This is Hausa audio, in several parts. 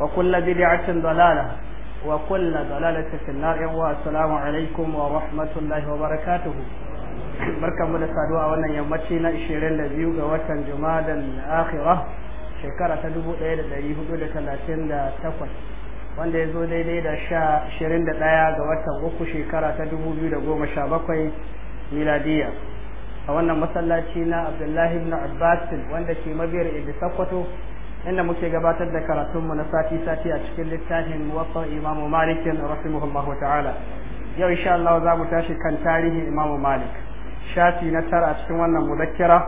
وكل بدعة ضلالة وكل ضلالة في النار والسلام عليكم ورحمة الله وبركاته barkanmu da saduwa wannan yammaci na 22 ga watan jumadan akhirah shekara ta 1438 wanda ya zo daidai da ɗaya ga watan uku shekara ta sha 2017 miladiya a wannan masallaci na abdullahi ibn abbas wanda ke mabiyar ibi sakwato inda muke gabatar da karatunmu na sati-sati a cikin littafin wasan imamu malikin wa ta'ala yau insha Allah za mu tashi kan tarihin imamu malik shafi na tara a cikin wannan mudakkira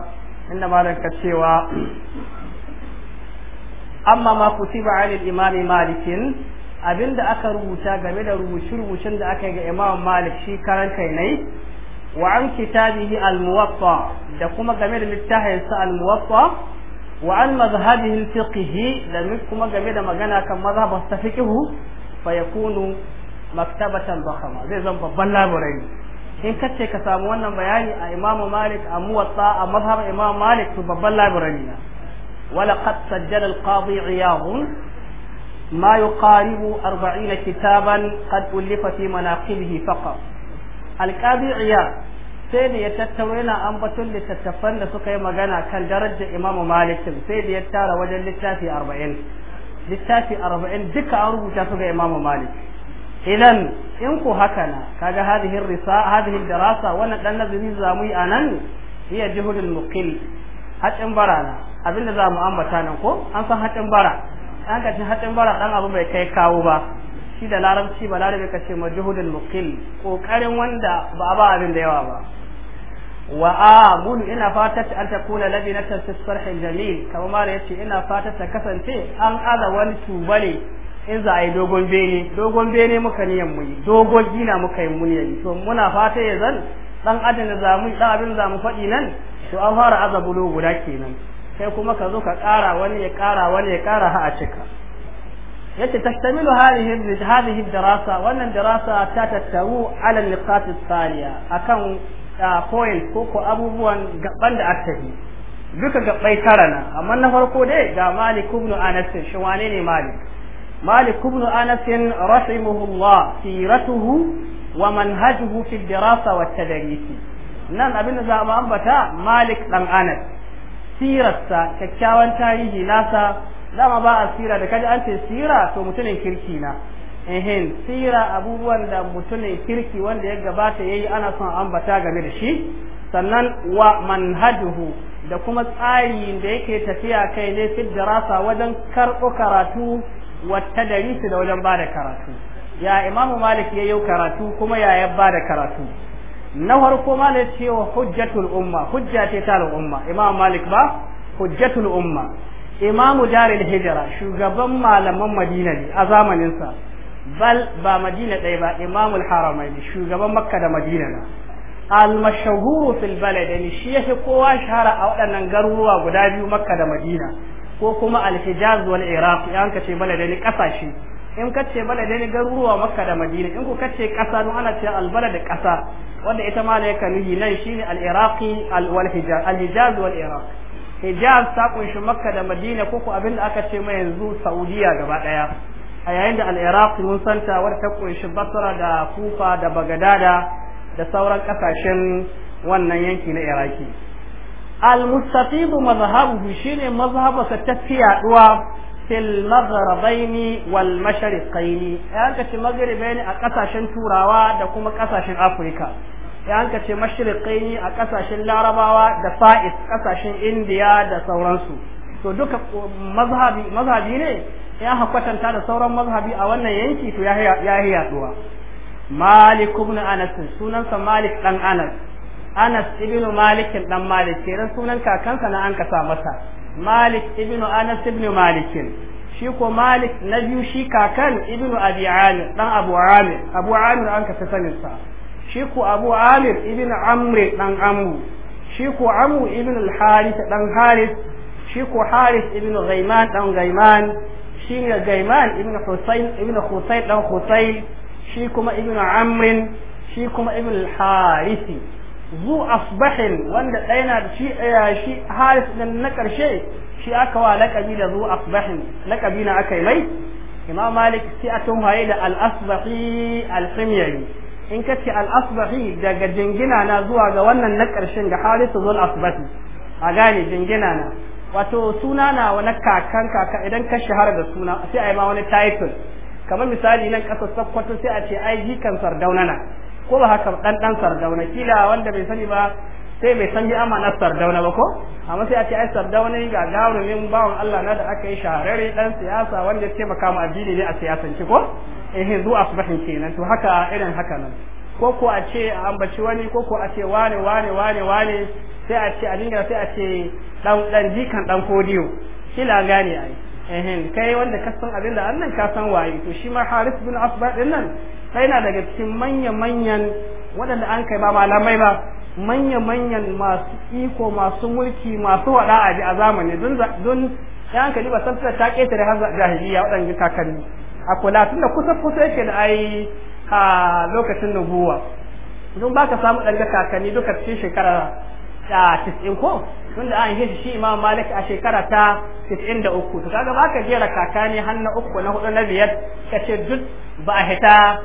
inda malam ka cewa amma ma kutiba alil imami malikin abinda aka rubuta game da rubuce-rubucen da aka yi ga imam malik shi karan kai ne wa an kitabihi al-muwatta da kuma game da littafinsa al-muwatta وعن مذهبه الفقهي لم يكن جميل مجانا كم مذهب استفقه فيكون مكتبة ضخمة زي زنب بلا برين إن كتش كسامونا بياني إمام مالك أموطا مذهب إمام مالك بلا برين ولقد سجل القاضي عياض ما يقارب أربعين كتابا قد ألف في مناقبه فقط القاضي عياض sai da ya tattaro yana ambaton littattafan da suka yi magana kan darajar imamu malikin sai da ya tara wajen littafi arba'in littafi arba'in duka an rubuta su ga imamu malik idan in ku haka na kaga hadihin risa hadihin darasa wannan dan nazari za mu yi a nan iya jihudin mukil hatin bara na abinda za mu ambata nan ko an san hatin bara an ka ci hatin bara dan abu bai kai kawo ba shi da larabci ba larabci ka ce jihudin mukil ƙoƙarin wanda ba a ba abin da yawa ba وآمن إنا فاتت أن تكون لبنة في kamar الجميل كما ما ina إنا ta kasance an aza wani وانتو بني in za a yi dogon bene dogon bene muka niyan mu yi dogon gina muka yi mu yi to muna fata ya zan dan adam da zamu da abin da mu faɗi nan to an fara bulo guda kenan sai kuma ka zo ka ƙara wani ya ƙara wani ya ƙara ha a cika yace tashtamilu hadhihi hadhihi darasa wannan darasa ta tattaru ala niqat thaniya akan point ko ko abubuwan gaban da aka yi duka gabai tara amma na farko dai ga Malik ibn Anas shi wane ne Malik Malik ibn Anas rahimahullah siratuhu wa manhajuhu fi dirasa wa tadris nan abin da za mu ambata Malik dan Anas sirarsa kyakkyawan tarihi nasa dama ba a sira da kaji an ce sira to mutumin kirki na ehin sira abubuwan da mutumin kirki wanda ya gabata ya yi ana son ambata game da shi sannan wa manhajuhu da kuma tsari da yake tafiya kai ne fi darasa wajen karɓo karatu wa darisi da wajen bada karatu ya imamu malik ya yi karatu kuma ya ya bada karatu na farko malik ce wa hujjatul umma hujja ce ta al'umma imamu malik ba hujjatul umma imamu daril hijira shugaban malaman madina ne a zamaninsa bal ba madina ɗaya ba imamul haramaini shugaban makka da madina na almashahuru fil baladaini shi yafi kowa shahara a waɗannan garuruwa guda biyu makka da madina ko kuma alhijaz wal iraq in ka ce baladaini kasashe in ka ce garuruwa makka da madina in ku kace kasa don ana ce da kasa wanda ita ma da nuhi nan shine al iraqi al wal hijaz al hijaz wal iraq hijaz ta kunshi makka da madina ko ku abinda aka ce mai yanzu saudiya gaba daya a yayin da al'iraq mun santa wadda ta kunshi basra da kufa da bagadada da sauran kasashen wannan yanki na iraki al-mustatib mazhabu shine mazhabarsa ta fi yaduwa fil maghrabaini wal mashriqaini yan kace maghribaini a kasashen turawa da kuma kasashen afirka yan kace mashriqaini a kasashen larabawa da fa'is kasashen indiya da sauransu to duka mazhabi mazhabi ne ya hakwatanta da sauran mazhabi a wannan yanki to ya yi yaduwa malik ibn anas sunansa malik dan anas anas ibn malik dan malik kenan sunan kakansa na an kasa masa malik ibn anas ibn malik shi ko malik na biyu shi kakan ibn abi amir dan abu amir abu amir an kasa sanin sa shi ko abu amir ibn amr dan amru shi ko amru ibn al harith dan harith shi ko harith ibn ghaiman dan ghaiman shine Gaiman ibn Husayn ibn Husayn dan Husayn shi kuma ibn Amr shi kuma ibn harisi zu asbahin wanda ɗaya na shi eh, shi Haris na karshe shi aka wa laqabi da zu asbahin laqabi na aka yi mai Imam Malik sai a tunhaye da al-Asbahi in ka ce al daga jingina na zuwa ga wannan na karshen ga Harisu a gane jingina na wato suna na wani kakan kaka idan ka shahara da suna sai a yi ma wani title kamar misali nan ƙasar sakkwato sai a ce ai jikan sardauna na ko ba haka dan sardauna kila wanda bai sani ba sai bai san ji amana sardauna ba ko amma sai a ce ai sardauna ga garumin bawan Allah na da aka yi shahararre dan siyasa wanda ya taimaka mu addini ne a siyasance ko eh zuwa asbahin kenan to haka irin haka nan ko ko a ce a ambaci wani ko ko a ce wane wane wane wane sai a ce abin sai a ce dan dan jikan dan kodiyo kila gane ai ehin kai wanda ka san abin da annan ka san waye to shi ma Haris bin Asba din nan sai na daga cikin manya manyan waɗanda an kai ba malamai ba manya manyan masu iko masu mulki masu wada a a zamani don don an kali ba san ta keta da har jahiliya waɗanda kakanni a kula tunda kusa kusa yake da ai a lokacin nubuwa don baka samu ɗanga kakanni duka cikin shekara Da 90 ko tunda an yi shi Imam Malik a shekara ta 93 to kaga baka jera kakani har na uku na hudu na biyar kace duk ba a hita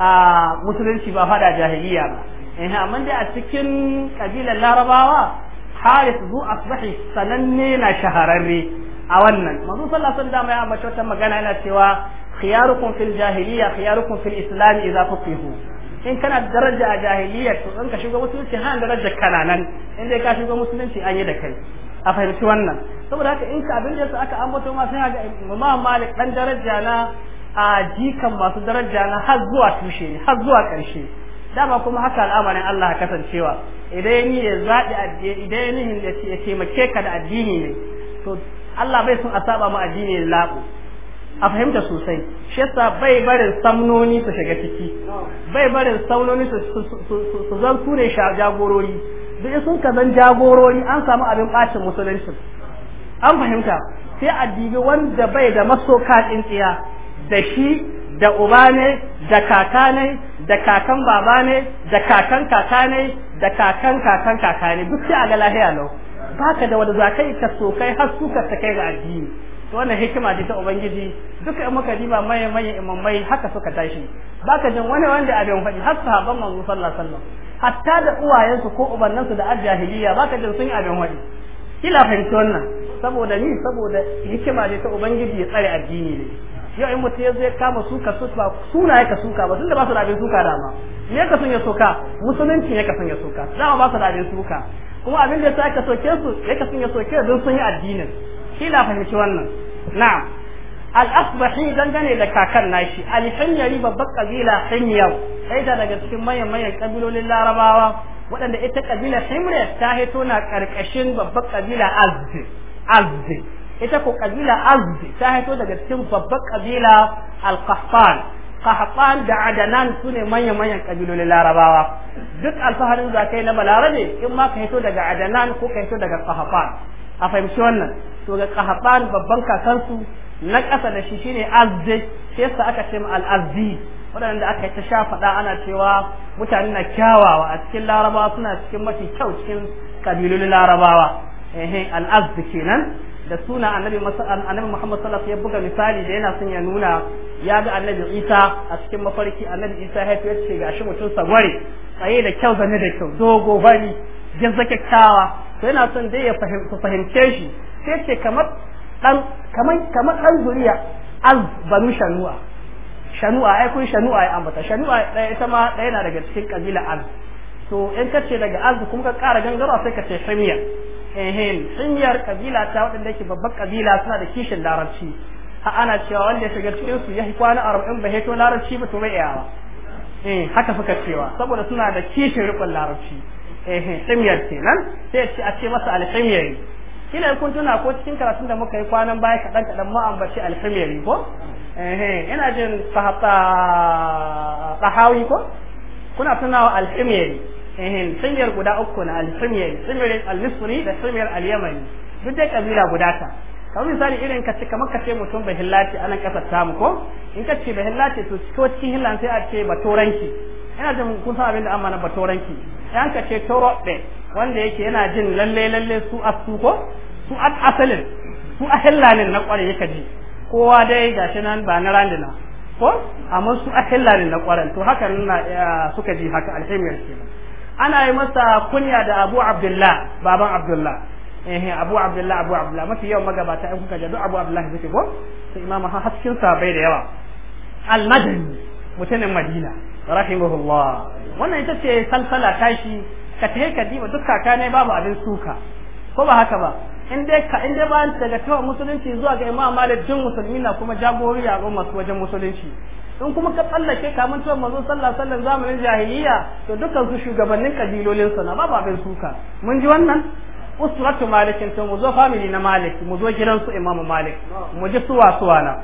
a musulunci ba fada jahiliya ba eh amma dai a cikin kabilar Larabawa Haris zu asbahi sananne na shahararre a wannan manzo sallallahu alaihi wasallam ya wata magana yana cewa khiyarukum fil jahiliya khiyarukum fil islam idza fuqihu in kana da daraja a jahiliyar to in ka shiga musulunci hana daraja kana nan in dai ka shiga musulunci an yi da kai a fahimci wannan saboda haka in ka abin da yasa aka ambato ma sai ga Imam Malik dan daraja na a jikan masu daraja na har zuwa tushe ne har zuwa karshe dama kuma haka al'amarin Allah kasancewa idan ni ya zaɗi addini idan ni ya taimake ka da addini ne to Allah bai son a saba mu addini da labo a fahimta sosai shi yasa bai barin samnoni su shiga ciki bai barin saunoni su zan sha jagorori duk sun ka zan jagorori an samu abin bacin musulunci an fahimta sai a dibi wanda bai da masoka tsintsiya da shi da uba ne da kaka ne da kakan baba ne da kakan kaka ne da kakan kakan kaka ne duk sai a ga lahiya lau baka da wanda za ka yi ka so kai har suka ta kai ga addini wannan hikima ce ta ubangiji duka in muka diba maye maye imamai haka suka tashi baka jin wani wanda abin faɗi har sahabban manzo sallallahu alaihi wasallam hatta da uwayensu ko ubannansu da ajahiliya baka jin sun yi abin faɗi kila fahimci wannan saboda ni saboda hikima ce ta ubangiji ya tsare addini ne yau in mutum ya zo ya kama suka su ba suna ya ka suka ba tunda ba su da abin suka dama me ya kasan ya suka? musulunci ya kasan ya za dama ba su da abin suka kuma abin da ya sa ka soke su ya ka ya soke don sun yi addinin kila fahimci wannan na'am al-asbahi dangane da kakan nashi al babbar kabila himyar sai daga cikin manyan manyan kabilolin larabawa waɗanda ita kabila himre ta hito na karkashin babbar kabila azzi azzi ita ko kabila azzi ta hito daga cikin babbar kabila al-qahtan qahtan da adanan sune manyan manyan kabilolin larabawa duk alfaharin zakai na balarabe in ma ka hito daga adanan ko ka hito daga qahtan a fahimci wannan to ga kahaban babban kakansu na ƙasa da shi shine azdi shi sa aka ce al azdi waɗanda aka yi ta sha faɗa ana cewa mutane na kyawawa a cikin larabawa suna cikin mafi kyau cikin kabilun larabawa ehe al azdi kenan da suna annabi annabi Muhammad sallallahu ya buga misali da yana son ya nuna ya ga annabi Isa a cikin mafarki annabi Isa ya ce gashi mutum sagware tsaye da kyau zane da kyau dogo bari kyakkyawa. to yana son dai ya fahimce shi sai ce kamar dan kamar kamar dan zuriya az banu shanu'a shanu'a ai kun shanu'a ya ambata shanu'a ɗaya ita ma ɗaya na daga cikin kabila az to in ka ce daga az kuma ka ƙara gangarwa sai ka ce himyar ehin himyar kabila ta waɗanda ke babban kabila suna da kishin larabci ha ana cewa wanda ya shiga cikin su ya kwana arba'in ba heto larabci ba to bai iyawa eh haka suka cewa saboda suna da kishin riƙon larabci eh kenan sai a ce masa alhimyari kina kun tuna ko cikin karatun da muka yi kwanan baya kaɗan kaɗan mu ambaci alhimyari ko ina jin sahaba sahawi ko kuna tunawa alhimyari eh himyar guda uku na alhimyari himyar al da himyar al duk dai kabila guda ta kamar misali irin ka ce kamar ka ce mutum bai hillaci anan kasar tamu ko in ka ce bai to cikin hillan sai a ce ba turanki ina jin kun san abin da amma na batoranki yan ka ce ɗe wanda yake yana jin lalle lalle su asu ko su at asalin su ahillanin na kware yake ji kowa dai gashi nan ba na randina ko amma su ahillanin na kwaren to haka na suka ji haka alhimiyar kenan ana yi masa kunya da Abu Abdullah baban Abdullah eh Abu Abdullah Abu Abdullah mafi yawan magabata in kuka jadu Abu Abdullah suke ko sai Imam Haskin sa bai da yawa al-Madani mutanen Madina rahimahullah wannan ita ce salsala tashi ka tahi ka diba duk kaka ne babu abin suka ko ba haka ba in dai ka in dai bayan daga tawa musulunci zuwa ga imam malik din musulmi na kuma jagorori a masu wajen musulunci in kuma ka tsallake kamun tuwon manzo sallah sallan zamanin jahiliya to dukkan su shugabannin kabilolin su na babu abin suka mun ji wannan usratu malikin to mu zo family na malik mu zo gidan su imam malik mu ji suwa suwa na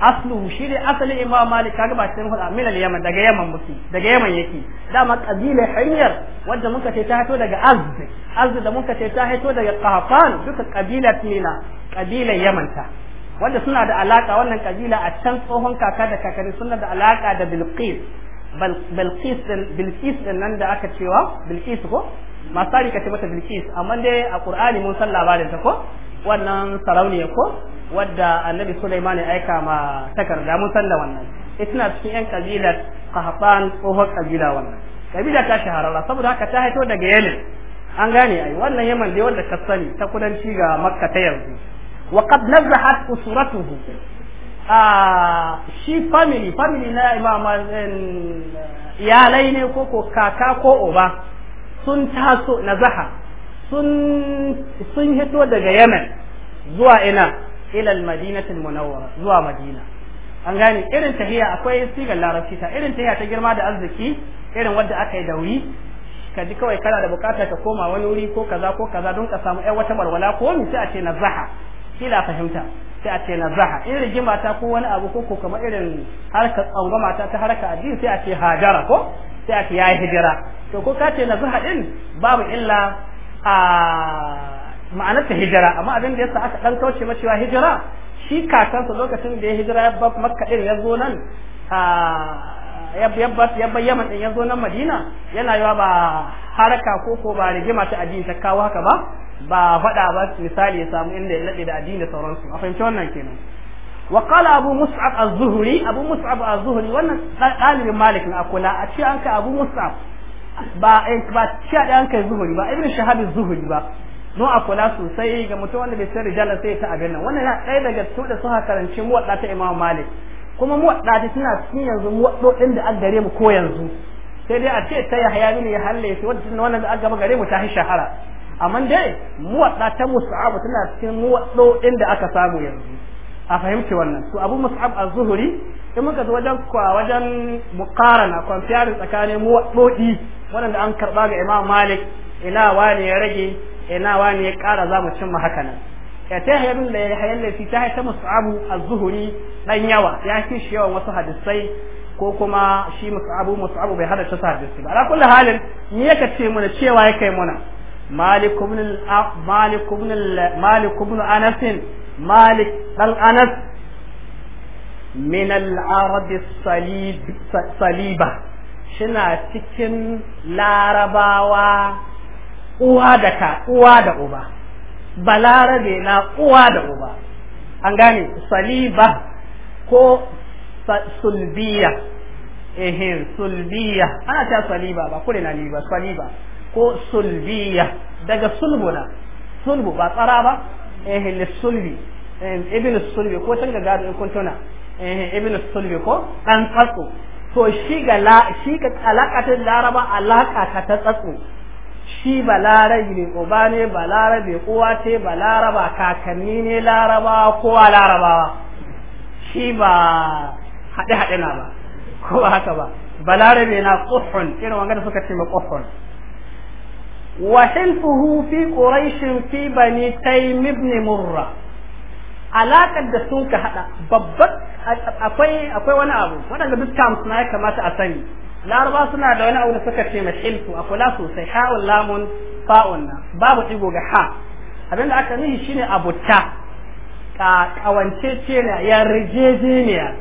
asluhu shi ne asalin imam malik kaga ba cikin hudu min al-yaman daga yaman muke daga yaman yake dama kabila hanyar wanda muka ce ta hito daga azd azd da muka ce ta hito daga qahfan duka kabila tina kabila yaman ta wanda suna da alaka wannan kabila a can tsohon kaka da kakanni suna da alaka da bilqis bilqis din bilqis din nan da aka cewa bilqis ko masari ka ce mata bilqis amma dai a qur'ani mun san labarin ta ko wannan sarauniya ko wadda annabi Sulaiman ya aika ma takarda mun san da wannan ita cikin yan kabila Qahtan ko kabila wannan kabila ta shahararra saboda haka ta haito daga Yemen an gane ai wannan Yemen dai wanda ka sani ta kudanci ga Makka ta yanzu wa qad nazahat usratuhu a ah, shi family family na Imam eh, iyalai ne ko ko kaka ko oba sun taso nazaha sun hito daga yemen zuwa ina ilal madinatul munawwara zuwa madina an gane irin tahiya akwai sigar larabci ta irin tahiya ta girma da arziki irin wadda aka yi dauri ka ji kawai kana da bukata ka koma wani wuri ko kaza ko kaza don ka samu ƴan wata marwala ko mi sai a ce nazaha kila fahimta sai a ce nazaha in rigima ta ko wani abu ko kuma irin harkar tsangwama ta ta harka addini sai a ce hajara ko sai a ce ya hijira to ko ka ce nazaha din babu illa a ma'anarta hijira amma abin da yasa aka dan kauce macewa hijira shi kakansa lokacin da ya hijira ya bar makka din ya zo nan ya yabba yaman din ya zo nan madina yana yawa ba haraka ko ko ba rigima ta addini ta kawo haka ba ba faɗa ba misali ya samu inda ya nade da addini da sauransu a fahimci wannan kenan wa qala abu mus'ab az-zuhri abu mus'ab az-zuhri wannan dalibin malik na akula a ce an ka abu mus'ab ba eh, ba sha ɗaya kai zuhuri ba ibn shahab zuhuri ba no a kula sosai ga mutum wanda bai san rijala sai ta abin nan wannan yana ɗaya daga su da suka karanci muwadda ta imam malik kuma muwadda ta suna cikin yanzu ɗin da an gare mu ko yanzu sai dai a ce ta yahya bin ya halle shi wannan wannan da gare mu ta hi shahara amma dai muwadda ta mus'ab tana cikin ɗin da aka samu yanzu a fahimci wannan to abu mus'ab a zuhuri in muka zo wajen kwa wajen muqarana kwamfiyar tsakanin muwaddodi waɗanda an karɓa ga imam malik ina wani ya rage ina wani ya ƙara za mu cimma haka nan ya ta hayar da ya hayar da ta haita mus'abu az-zuhuri dan yawa ya fi shi yawan wasu hadisai ko kuma shi musu abu bai hada ta hadisai ba ala halin ni yaka ce mu cewa ya kai muna malik ibn malik ibn anas malik dan anas min al-arab saliba shina cikin larabawa uwa da ka uwa da uba balarabe na uwa da uba an gane saliba ko sulbiya ehin sulbiya ana ta saliba ba kure na liba saliba ko sulbiya daga sulbuna sulbu ba tsara ba ehin sulbi ibn sulbi ko tanga ga gado in kun ibn sulbi ko dan tsatsu to shi ga shi ga ta laraba alaka ta ta tsatsu shi balarabi ne uba ne balarabe uwa ce laraba kakanni ne laraba kowa larabawa shi ba haɗe haɗe na ba ko ba haka ba larabe na kuhun irin wanga da suka ce ma kuhun wa hilfuhu fi quraish fi bani taym ibn murra alakar da sun ka hada babban akwai akwai wani abu wadanda duk terms na ya kamata a sani laraba suna da wani abu da suka ce ilfu a kula sosai ha'un lamun fa'un na babu ɗigo ga ha abinda aka nihi shine abuta ka kawance ce na yarjejeniya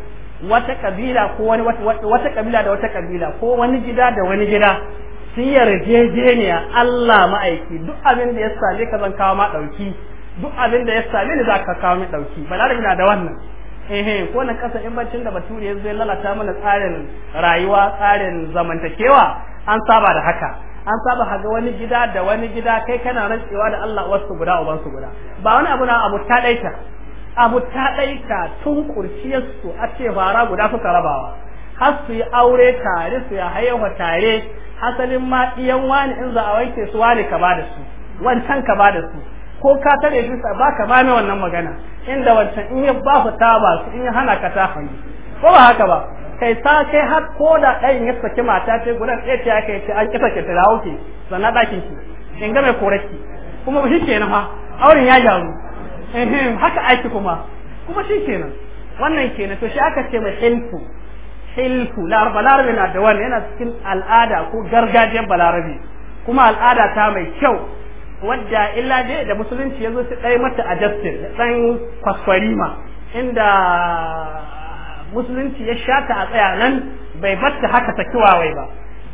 wata kabila ko wani wata kabila da wata kabila ko wani gida da wani gida sun yarjejeniya Allah ma'aiki duk abin da ya sale ka zan kawo ma ɗauki. duk abin da ya sami ni za ka kawo min ba balarabi na da wannan ehe ko na kasa in bacin da bature ya zai lalata mana tsarin rayuwa tsarin zamantakewa an saba da haka an saba haga wani gida da wani gida kai kana rantsewa da Allah wasu guda uban su guda ba wani abu na abu ta daita abu ta daita tun kurciyar su a ce fara guda suka rabawa har su yi aure tare su ya haihuwa tare hasalin ma iyan wani in za a wanke su wani ka ba da su wancan ka ba da su ko ka tare shi ba ka ba mai wannan magana inda wancan in ya ba ku ba su in ya hana ka ta hanyu ko ba haka ba kai sa kai har ko da ɗayan ya saki mata ce gudan ɗaya ce aka yi an kisa ke tirawo ki sannan ɗakin ki in ga mai koraki kuma shi nan ma auren ya gyaru haka aiki kuma kuma shi nan. wannan ke nan to shi aka ce mai hilfu hilfu balarabe na da wani yana cikin al'ada ko gargajiyar balarabe kuma al'ada ta mai kyau wadda illa dai da musulunci ya zo su ɗaya mata a justin da ɗan kwaskwarima inda musulunci ya shata a tsaya nan bai batta haka ta kiwawai ba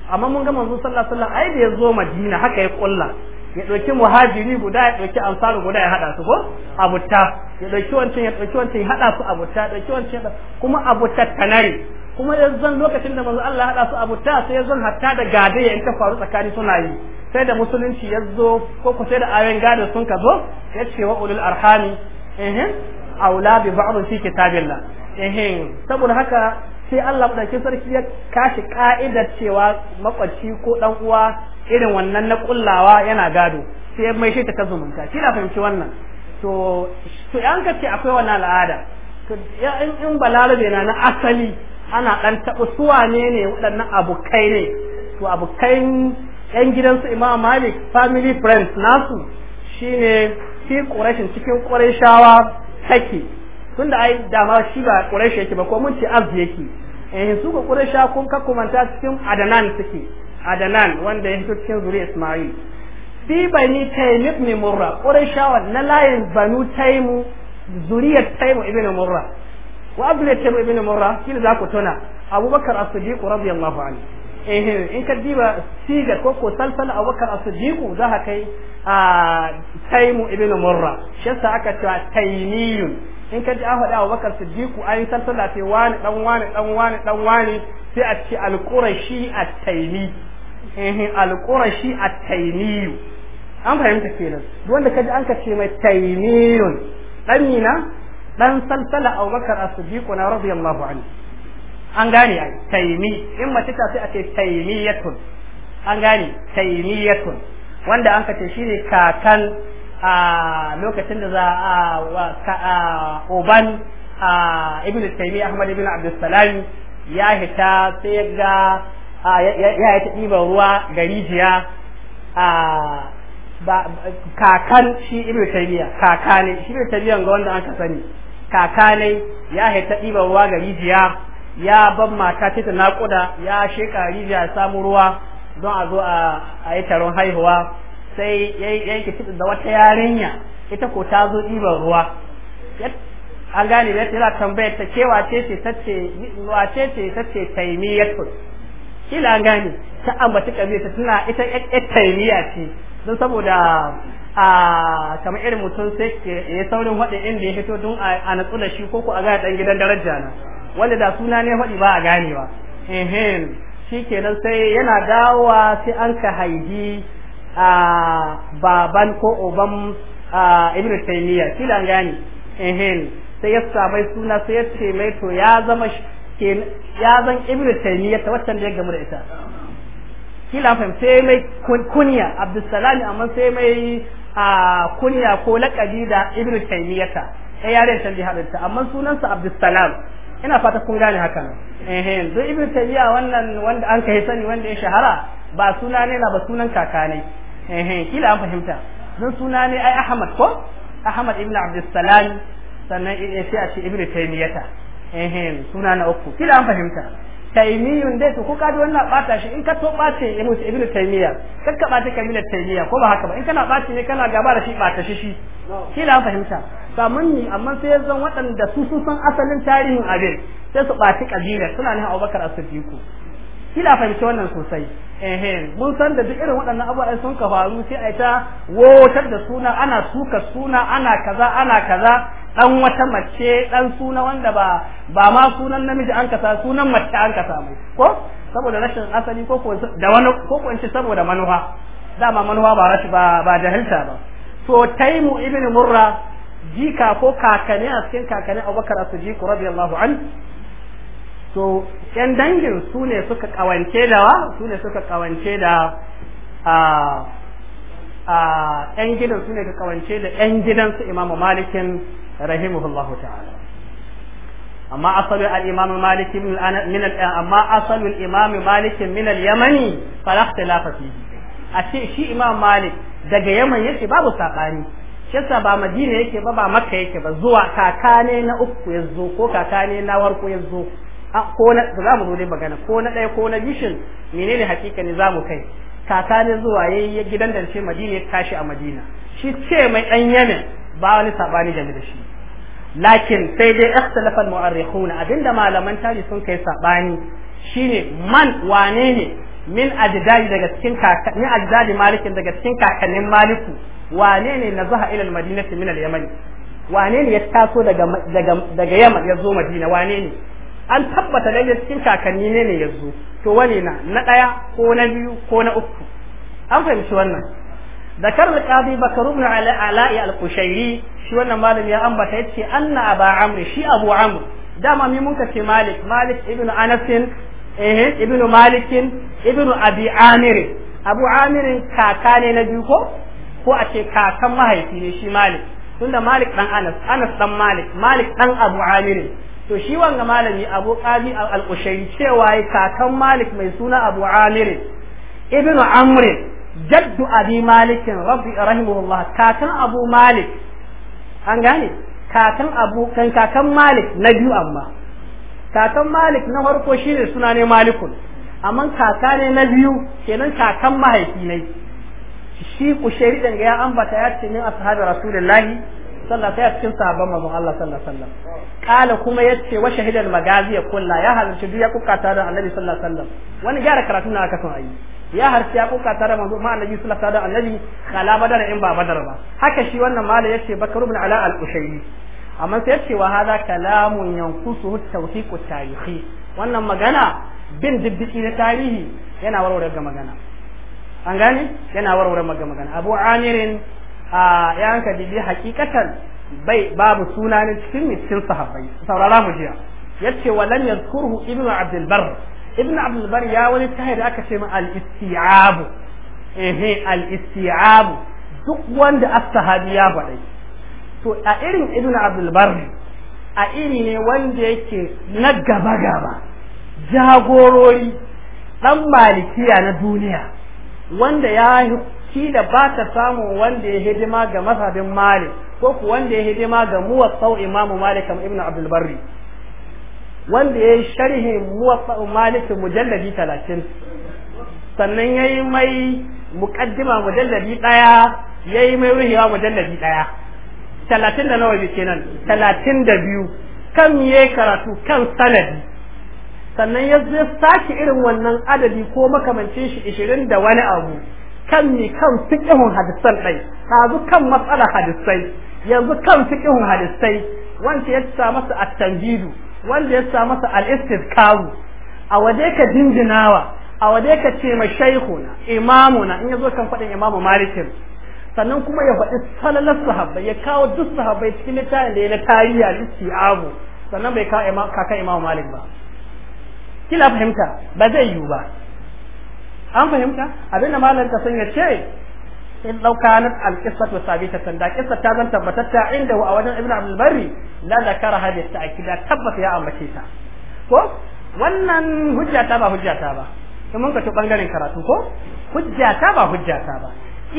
amma mun ga manzo sallallahu alaihi ai da ya zo madina haka ya kulla ya dauki muhajiri guda ya dauki ansaru guda ya haɗa su ko abuta ya dauki wancan ya dauki wancan ya haɗa su abuta ya dauki wancan kuma abuta tanare kuma ya zan lokacin da manzo Allah ya haɗa su abuta sai yanzu zan hatta da gade ya ta faru tsakani suna yi sai da musulunci ya zo ko ku sai da ayoyin gado sun ka zo ya ce wa ulul arhami ehin aula bi ba'd fi kitabillah ehin saboda haka sai Allah ke sarki ya kashi ka'idar cewa makwaci ko dan uwa irin wannan na kullawa yana gado sai mai shi ta zumunta kina fahimci wannan to to an ka akwai wannan al'ada to in in balarabe na na asali ana dan taɓa suwa ne ne waɗannan abokai ne to abokai yan gidansu imam malik family friends nasu shine fi ƙurashin cikin qurashawa take da ai dama shi ba qurashi yake ba ko mun ce az yake eh su ga ƙurasha kun ka kumanta cikin adanan suke adanan wanda ya fito cikin zuri isma'il fi bani taym ne murra qurashawa na layin banu taimu zuriyar taimu ibn murra wa ne taimu ibn murra shi ne za ku tuna abubakar as-siddiq radiyallahu anhu eh in ka diba siga ko ko salsala abubakar a siddiq za ka kai a taimu ibn murra shi yasa aka ce taimiyun in ka ji an faɗa abubakar siddiq an salsala sai wani dan wani dan wani dan wani sai a ce al-qurashi at-taymi eh al at-taymiyu an fahimta kenan duk wanda kaji an ka ce mai taymiyun dan mina dan salsala abubakar as-siddiq na radiyallahu anhu an gane ya taimi in mace ta sai a ce taimiyatun an gane taimiyatun wanda an kace shine kakan a lokacin da za a oban ibnu taimi ahmad ibn abdus salam ya hita sai ga ya yi ɗiban ruwa gari jiya. a kakan shi ibnu taymiya kakane shi ibnu taymiya ga wanda aka sani kakane ya hita ɗiban ruwa gari jiya. ya ban mata ta naƙuda ya sheka rijiya ya samu ruwa don a zo a yi taron haihuwa sai yanke fitin da wata yarinya ita ko ta zo ɗiban ruwa an gane ne ta tambayar ta cewa ce ce ta ce wace ce ta ce taimiyatun kila an gane ta ambaci kabila tana ita taimiya ce don saboda a kamar irin mutum sai ya saurin waɗin inda ya fito don a natsu da shi ko ko a gane ɗan gidan daraja na wanda da suna ne faɗi ba a gane ba shi kenan sai yana dawowa sai an ka haiji a baban ko oban ibnu taymiya kila an gane sai ya samai suna sai ya ce mai to ya zama ya zan ibnu taymiya ta waccan da ya gamu da ita kila fahim sai mai kunya abdussalami amma sai mai a kunya ko lakabi da ibnu ta ya yare can bi ta amma sunansa abdussalam ina fata kun gane haka eh duk ibnu tayyiba wannan wanda an kai sani wanda ya shahara ba suna ne na ba sunan kaka ne eh kila an fahimta don suna ne ai ahmad ko ahmad ibnu abdussalam sannan sai a ce ibnu taymiyata eh suna na uku kila an fahimta taymiyun dai to ko ka wannan bata shi in ka to bace ya mutu ibnu taymiya kakka bata kabilar taymiya ko ba haka ba in kana bace ne kana gaba da shi bata shi shi kila an fahimta kamar ni amma sai zan waɗanda su sun san asalin tarihin abin sai su ɓaci ƙabilar suna ne abubakar asirfiku kila fahimci wannan sosai ehe mun san da duk irin waɗannan abubuwa sun ka faru sai a ta wotar da suna ana suka suna ana kaza ana kaza dan wata mace dan suna wanda ba ba ma sunan namiji an kasa sunan mace an kasa mai ko saboda rashin asali ko ko da wani ko ko ince saboda manuha dama manuha ba rashi ba ba jahilta ba to taimu ibnu murra jika ko kakane a cikin kakane abubakar a sujiku radiyallahu an to yan dangin su ne suka kawance da wa su ne suka kawance da a a yan gidan su ne ka kawance da yan gidan su imamu malikin rahimahullahu ta'ala amma asalu al-imam malik min al amma asalu al-imam malik min al-yamani fala ikhtilafa fihi ashe shi imam malik daga yaman yake babu sabani kisa ba madina yake ba ba makka yake ba zuwa kakane na uku ya zo ko kakane na warko ya zo ko na za mu zo dai magana ko na ɗaya ko na bishin menene hakika ne za mu kai kakane zuwa yayi gidan da ce madina ya tashi a madina shi ce mai ɗan yamin ba wani sabani game da shi lakin sai dai ikhtalafa muarrikhun abinda malaman tari sun kai saɓani shine man wane ne min ajdadi daga cikin kakanni ajdadi malikin daga cikin kakannin maliku wane ne nazaha ila al-madinati min al-yaman wane ne ya taso daga daga daga yaman ya zo madina wane ne an tabbata lalle cikin kakanni ne ne ya zo to wane na na daya ko na biyu ko na uku an fahimci wannan ذكر القاضي بكر بن علاء القشيري shi wannan malam ya ambata yace anna aba amr shi abu amr dama mi mun kace malik malik ibn anas eh ibn malik ibn abi amir abu amir kaka ne na biyu ko ko a ce kakan mahaifi ne shi malik tunda malik dan anas anas dan malik malik dan abu amir to shi wanga malami abu qadi al-qushairi cewa kakan malik mai suna abu amir ibnu amr jaddu abi malik rabbi Allah kakan abu malik an gane kakan abu kan kakan malik na biyu amma kakan malik na farko shine suna ne malikun amma kaka ne na biyu kenan kakan mahaifi ne shi kushairi din ga ya ambata ya ce ashabi rasulullahi sallallahu alaihi cikin sahabban manzon Allah sallallahu alaihi wasallam kala kuma yace wa shahidal magazi ya halarci duk ya kukata da annabi sallallahu alaihi wasallam wani gyara karatu na aka ayi ya harci ya kukata da ma annabi sallallahu alaihi wasallam badar in ba badar ba haka shi wannan mala yace bakar ibn ala al-ushayri amma sai yace wa hada kalamun yankusu tarihi wannan magana bin diddiki na tarihi yana warware ga magana an gane yana warware maga magana abu amirin a yan ka hakikatan bai babu sunanin cikin cikin sahabbai saurara mu jiya yace walan yazkurhu ibnu abdul barr ibnu abdul barr ya wani tahir aka ce ma al isti'ab eh al isti'ab duk wanda as-sahabi ya faɗi to a irin ibnu abdul barr a iri ne wanda yake na gaba gaba jagorori dan malikiya na duniya wanda ya da ba ta samu wanda ya hidima ga mazhabin mali ko ku wanda ya hidima ga muwassau imamu mali kam ibnu abdul barri wanda ya sharhi muwaffau malik mujalladi talatin sannan ya yi mai muqaddima mujalladi daya yi mai ruhiwa mujalladi daya talatin da nawa kenan biyu kan yayi karatu kan sanadi sannan ya zo sake irin wannan adadi ko makamancin shi ishirin da wani abu kan ne kan fiƙihun hadisan ɗai yanzu kan matsalar hadisai yanzu kan fiƙihun hadisai wanda ya sa masa at wanda ya sa masa al-istizkaru a waje ka jinjinawa a waje ka ce ma shaikuna imamuna in ya zo kan faɗin imamu malikin sannan kuma ya faɗi salalar sahabbai ya kawo duk sahabbai cikin littafin da ya na tarihi al abu sannan bai kawo kakan imamu malik ba kila fahimta ba zai yiwu ba an fahimta abinda malam ta sun ce in dauka na alqissatu ta da qissa ta zan tabbatatta inda wa wajen ibnu abdul barri la zakara ta akida tabbata ya ambace ta ko wannan hujja ta ba hujja ta ba in mun ka to bangaren karatu ko hujja ta ba hujja ta ba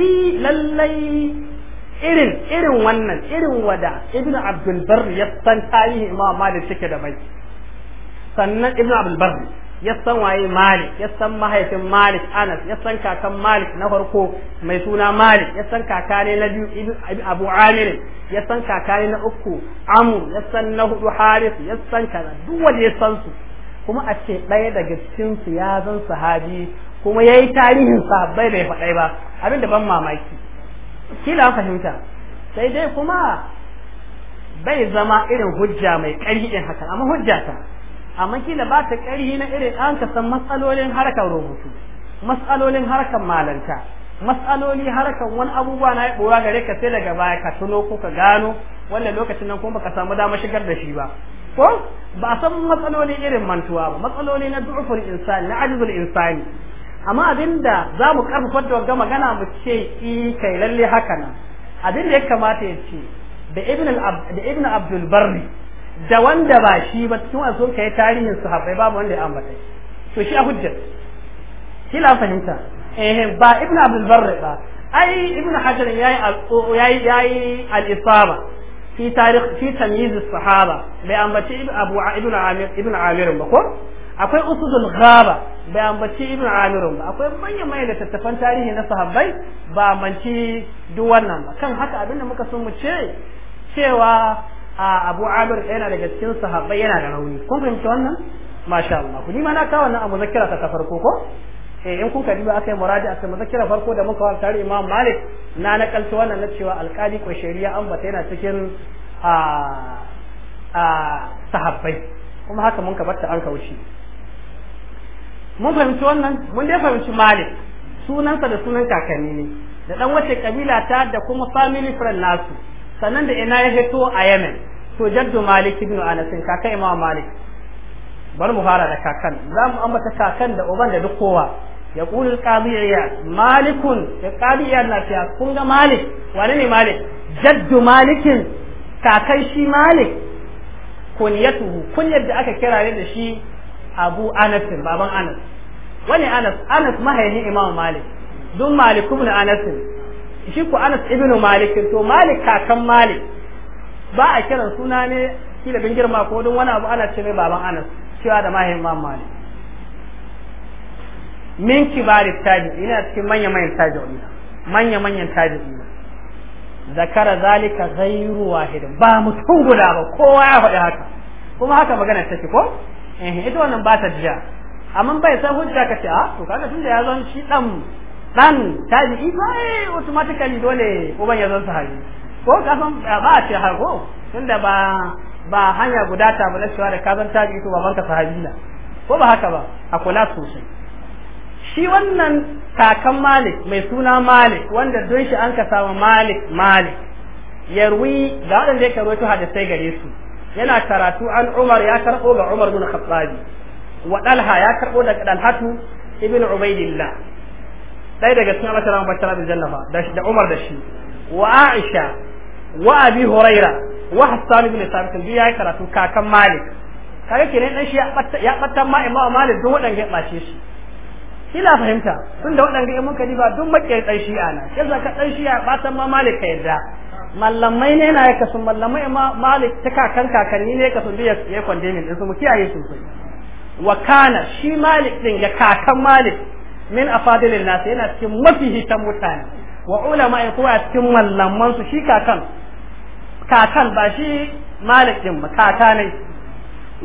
i lallai irin irin wannan irin wada ibnu abdul barri ya san tarihi imam malik take da mai sannan ibnu abul ya san waye malik ya san mahaifin malik anas ya san kakan malik na farko mai suna malik ya san kaka ne na biyu abu amir ya san kaka na uku Amur ya san na hudu harith ya san kaza duk wanda ya san su kuma a ce ɗaya daga cikin su ya zan sahabi kuma ya yi tarihin sahabbai bai faɗai ba abin da ban mamaki kila fahimta sai dai kuma bai zama irin hujja mai ƙarfi in haka amma hujja ta amma kila ba ta ƙarhi na irin an ka san matsalolin harkar rubutu matsalolin harkar malanta matsaloli harkar wani abubuwa na yabuwa gare ka sai daga baya ka tuno ko ka gano wanda lokacin nan kuma ka samu dama shigar da shi ba ko ba a san matsaloli irin mantuwa ba matsaloli na du'uful insani na ajizul insani amma abinda za mu karfafa da ga magana mu ce i eh, kai lalle haka nan abinda ya kamata ya ce da ibn da abdul barri da wanda ba shi ba cikin wasu kai tarihin sahabbai babu wanda ya ambata to shi a hujjar shi la fahimta eh ba ibnu abdul barr ba ai ibnu hajar yayi yayi yayi al-isaba fi tarikh fi tamyiz as-sahaba bai ambaci Ibn abu ibnu amir ibnu amir ba ko akwai usudul ghaba bai ambaci ibnu amir ba akwai manyan manyan tattafan tarihi na sahabbai ba manci duk wannan ba kan haka abinda muka so mu ce cewa a Abu Amir yana daga cikin sahabbai yana da rauni kun fahimci wannan masha Allah ku ma na kawo wannan abu zakira ta farko ko eh in kun kadi ba akai muradi akai muzakkira farko da muka wani tare Imam Malik na nakalta wannan na cewa alkali ko shari'a an bata yana cikin a a sahabbai kuma haka mun ka batta an kaushi. mun fahimci wannan mun dai fahimci Malik sunansa da sunan kakanni ne da dan wace kabila ta da kuma family friend nasu sannan da ina ya fito a Yemen to jaddu Malik ibn Anas kaka Imam Malik bar mu fara da kakan za mu ambata kakan da uban da duk kowa ya qulu al-qadiyya malikun ya qadiyya na fiya kun ga Malik wani ne Malik jaddu Malikin kakan shi Malik kunyatuhu kunyar da aka kira ne da shi Abu Anas baban Anas wani Anas Anas mahayin Imam Malik dun Malik ibn Anas shi ku Anas ibn Malik to Malik kakan Malik ba a kiran suna ne kila bin girma ko don wani abu ana ce mai baban Anas cewa da mahaifin Imam Malik min kibari tajin ina cikin manya manyan tajin manya manyan tajin zakara zalika ghayru wahid ba mutum guda ba kowa ya faɗi haka kuma haka magana take ko eh ita wannan ba ta jiya amma bai san hujja kace a ah, to kaga tunda ya zan shi dan dan tabi'i ba eh, automatically dole uban ya zan sahabi ko san ba a ce hago oh, tunda ba ba hanya guda ta bala cewa da kazan tabi'i to babanka sahabi na ko ba haka ba a kula sosai shi wannan kakan malik mai suna malik wanda don shi an ka samu malik malik yarwi ga waɗanda ya karwato sai gare su yana karatu an umar ya karɓo ga umar bin khattabi wa dalha ya karɓo daga dalhatu ibn ubaidillah ɗaya daga cikin abashara mubashara bil janna ba da Umar da shi wa Aisha wa Abi Huraira wa Hassan ibn Thabit duk yayi karatu kakan Malik kaga kenan dan shi ya batta ma Imam Malik duk wadanda ya bace shi kila fahimta tunda wadanda mun kadi ba duk makiyar dan shi ana yanzu ka dan shi'a batan ma Malik ka yadda mallamai ne na yaka sun mallamai ma Malik ta kakan kakanni ne ka sun biya ya kwande min din su mu kiyaye sosai wa kana shi Malik din ga kakan Malik min afadilin nasu yana cikin mafi hitan mutane wa ulama ya kuwa cikin mallaman su shi kakan kakan ba shi malikin ba kaka ne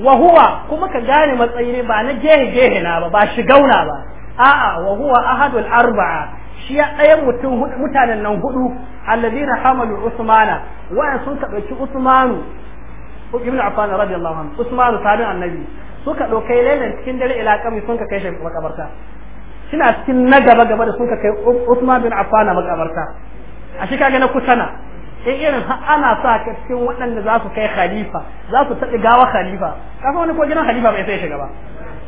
wa huwa kuma ka gane matsayi ne ba na gehe gehe na ba ba shi gauna ba a'a wa huwa ahadul arba'a shi ya ɗaya mutum mutanen nan hudu alladhina hamalu usmana wa sun ka dauki usmanu ibnu affan radiyallahu anhu usmanu tabi'in annabi suka dauke lailan cikin dare ila kami sun ka kai shi makabarta suna cikin na gaba gaba da suka kai usman bin Affan makabarta a shi kage na kusana in eh, irin ana sa ka cikin waɗanda za su kai khalifa za su taɗi gawa khalifa kafa wani ko gidan khalifa bai sai shiga ba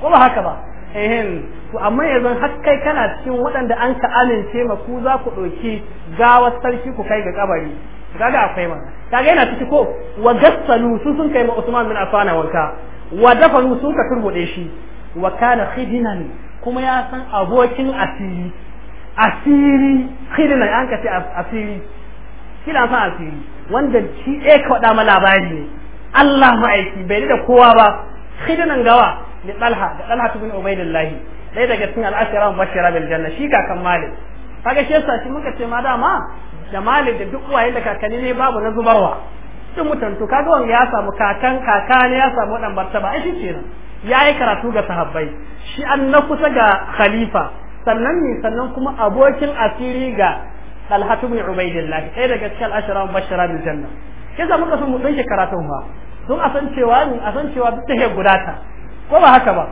ko ba haka ba ehin to amma yanzu har kai kana cikin waɗanda an ka amince ma ku za ku ɗauki gawar sarki ku kai ga kabari kaga akwai ma kaga yana ciki ko wa gassalu su sun kai ma Usman bin Affan wanka wa dafanu sun ka turbude shi wa kana khidinan kuma ya san abokin asiri asiri khidlan an ka ce asiri kila san asiri wanda shi ɗaya ka faɗa ma labari ne Allah ma'aiki bai da kowa ba khidlan gawa ni dalha da dalha tubin ubaidillahi ɗaya daga cikin al'ashara mubashira bil janna shi kakan male kaga shi yasa shi muka ce ma dama da male da duk waye da kakanni ne babu na zubarwa duk mutantu kaga wanda ya samu kakan kaka ne ya samu dan martaba ai shi kenan ya yi karatu ga sahabbai shi an na kusa ga khalifa sannan ne sannan kuma abokin asiri ga talhatu bin ubaidillahi ɗaya daga cikin al'ashara bashara bil janna muka mu ɗauke karatun ba don a san cewa ne a san cewa duk ta gudata ko ba haka ba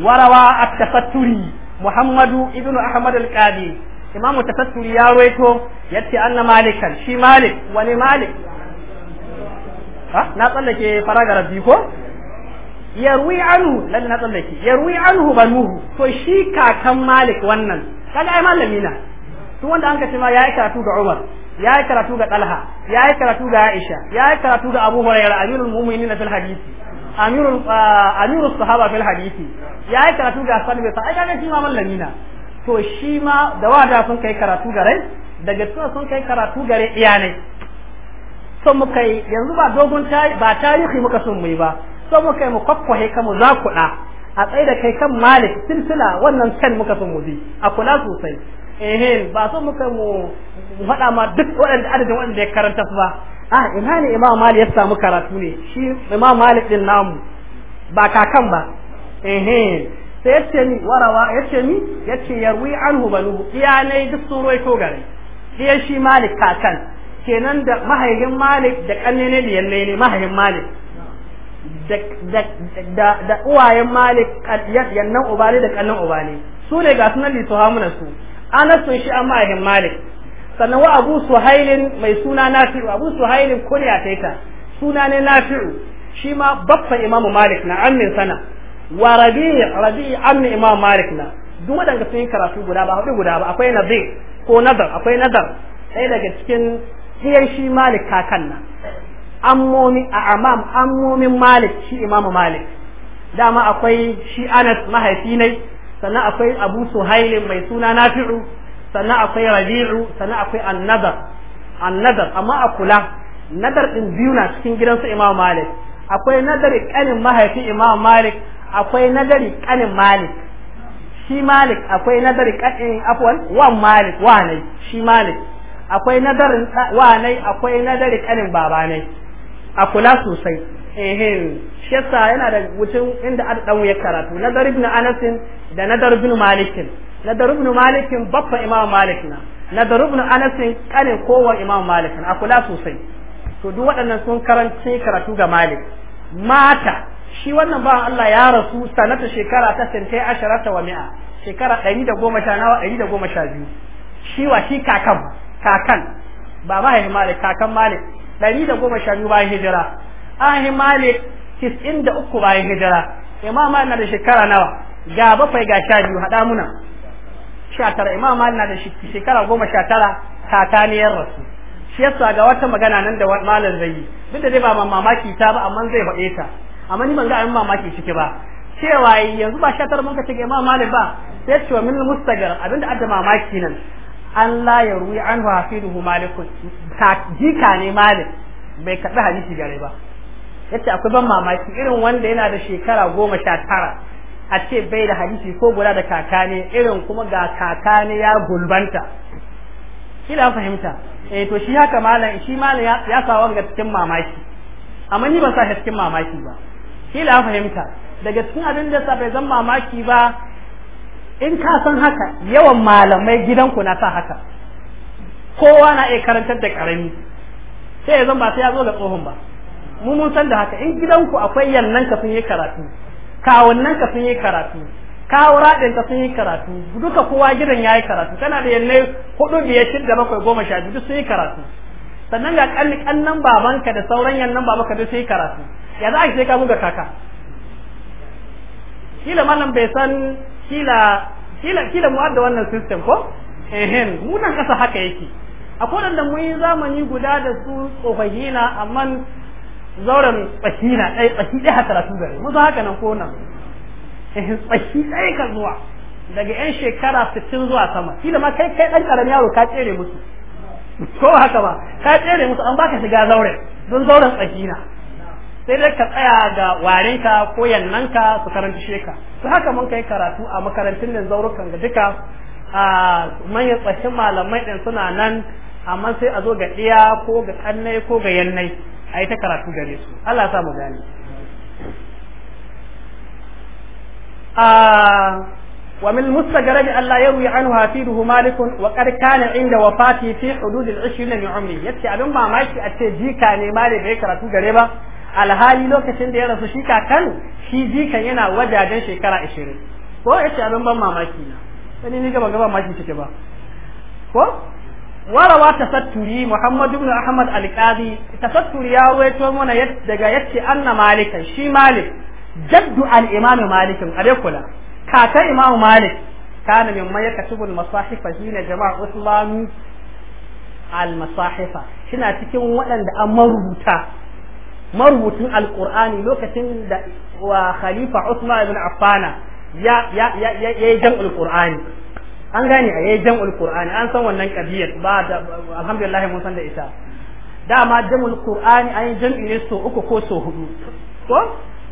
warawa at-tafatturi muhammadu ibnu ahmad al-qadi Imam tafatturi ya roito yace anna malikan shi malik wani malik ha na tsallake faragara biyu ko yarwi anhu lalle na tsallake yarwi anhu banuhu to shi kakan malik wannan kaga ai malami na to wanda an kace ma yayi karatu ga Umar yayi karatu ga Talha yayi karatu ga Aisha yayi karatu ga Abu Hurairah amirul mu'minin fil hadisi amirul ah, amirus sahaba fil hadisi yayi karatu ga Sa'd bin Sa'id kaga shi ma malami na to shi ma da wada sun kai karatu ga rai daga tsuwa sun kai karatu gare iyanai son muka yi yanzu ba dogon ba tarihi muka son mu yi ba so muka yi mu kwakwahe ka mu za kuɗa a tsaye da kai kan malik silsila wannan kan muka fi mu bi a kula sosai eh ba so muka mu faɗa ma duk waɗanda adadin waɗanda ya karanta su ba a ah, ina ne imam malik ya samu karatu ne shi imam malik din namu ba kakan ba eh sai ce ni warawa ya ce ni yace yarwi anhu banuhu iyanai duk sun roito gare iya shi malik kakan kenan da mahaifin malik da kanne ne da ne mahaifin malik da uwayen malik yannan ubali da kallon ubali su ne ga sunan litu hamuna su anas sun shi an ma'ahin malik sannan wa abu suhailin mai suna nafi'u abu suhailin kunya taita suna ne nafi'u shi ma baffa imamu malik na amin sana wa rabi'i rabi'i amin imam malik na duk waɗanda sun yi karatu guda ba haɗu guda ba akwai nazir ko nazar akwai nazar ɗaya daga cikin iyan shi malik kakan na ammomi a amam ammomin malik shi imamu malik dama akwai shi anas mahaifi ne sannan akwai abu suhailin mai suna nafi'u sannan akwai rabi'u sannan akwai annadar annadar amma a kula nadar din biyu na cikin gidansu imamu malik akwai nadari kanin mahaifi imamu malik akwai nadari kanin malik shi malik akwai nadari kanin afwan wan malik wa ne shi malik akwai nadarin wa ne akwai nadari kanin baba ne a kula sosai ehem shessa yana da wucin inda aka dan ya karatu na na anasin da na na malikin na na malikin baffa imam malik na na daribin anasin kare kowa imam malik a kula sosai to duk waɗannan sun karance karatu ga malik mata shi wannan ba Allah ya rasu sanata shekara ta sintai asharata wa mi'a shekara ɗari da goma sha nawa ɗari da goma sha biyu shi wa shi kakan kakan ba mahaifin malik kakan malik ɗari da goma sha biyu bayan hijira ahi malik tis'in da uku bayan hijira imam malik na da shekara nawa ga bakwai ga sha biyu haɗa muna sha tara imam malik na da shekara goma sha tara kakaniyar rasu shi yasa ga wata magana nan da malam zai yi duk da dai ba mamaki ta ba amma zai faɗe ta amma ni ban ga abin mamaki ciki ba cewa yanzu ba sha tara mun ka ce ga imam malik ba sai ce wa min mustagar abinda adda mamaki nan Allah ya ruwi an hafiduhu malikun jika ne malik bai kaɗi hadisi gare ba yace akwai ban mamaki irin wanda yana da shekara goma sha tara a ce bai da hadisi ko guda da kaka ne irin kuma ga kaka ne ya gulbanta kila fahimta eh to shi haka malam shi malam ya sa wanga cikin mamaki amma ni ban sa cikin mamaki ba kila fahimta daga cikin abin da sa bai zan mamaki ba in ka san haka yawan malamai gidanku na sa haka kowa na iya karantar da karami sai ya zan ba sai ya zo da tsohon ba mu mun san da haka in gidanku akwai yannan ka sun yi karatu kawunnan ka sun yi karatu kawura ɗin ka sun yi karatu duka kowa gidan ya yi karatu kana da yanne hudu biyar da bakwai goma sha biyu sun yi karatu sannan ga kannan babanka da sauran yannan babanka ka sun yi karatu ya za a sai ka buga kaka kila malam bai san kila kila kila mu adda wannan system ko eh mu nan kasa haka yake akwai wanda mu yi zamani guda da su tsofahina amma zauren tsahina na ɗaya tsaki ɗaya karatu gare mu za haka nan ko nan tsahi ɗaya ka zuwa daga yan shekara sittin zuwa sama kila ma kai kai ɗan ƙaramin yaro ka tsere musu ko haka ba ka tsere musu an baka shiga zauren don zauren tsahina. sai dai ka tsaya ga warinka ko yannanka su karanta sheka to haka mun kai karatu a makarantun da zaurukan ga duka a manyan tsakin malamai din suna nan amma sai a zo ga ɗiya ko ga kannai ko ga yannai a yi ta karatu gare su Allah sa mu gane ومن المستجرب ألا يروي عنه حفيده مالك وقد كان عند وفاته في حدود العشرين من عمره يتي أبن ما ماشي أتي جيكا نمالي بيكرة غريبة alhali lokacin da ya rasu shi kakan shi jikan yana wajajen shekara ashirin ko ya ce abin ban mamaki na sani ni gaba gaba maki take ba ko warawa tasatturi muhammad ibn ahmad alqadi tasatturi ya waito mana daga yace anna malikan shi malik jaddu al-imam malik kula kaka imam malik kana min ma yakatubu al-masahif hina jama'a islami al-masahifa shina cikin waɗanda an marubuta marubucin alkur'ani lokacin da wa khalifa Usman ibn Affana ya ya ya ya jan qur'ani an gane a yi jan qur'ani an san wannan kadiyar ba da alhamdulillah mun san da ita dama jam'ul an ayin jam'i ne so uku ko so hudu ko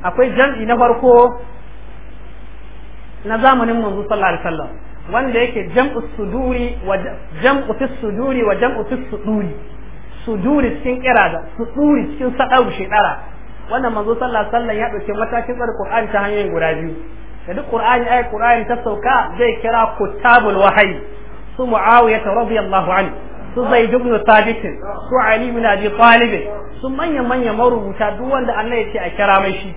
akwai jam'i na farko na zamanin manzo sallallahu alaihi wasallam wanda yake jam'u suduri wa jam'u fi suduri wa jam'u fi suduri duri cikin su duri cikin sadau shekara wannan manzo sallallahu alaihi wasallam ya dauke matakin tsar Qur'ani ta hanyoyin guda biyu da duk Qur'ani ay Qur'ani ta sauka zai kira kutabul wahayi su Muawiya radiyallahu anhu su Zaid ibn Thabit su Ali ibn Abi Talib su manyan manyan marubuta duk wanda Allah ya ce a kira mai shi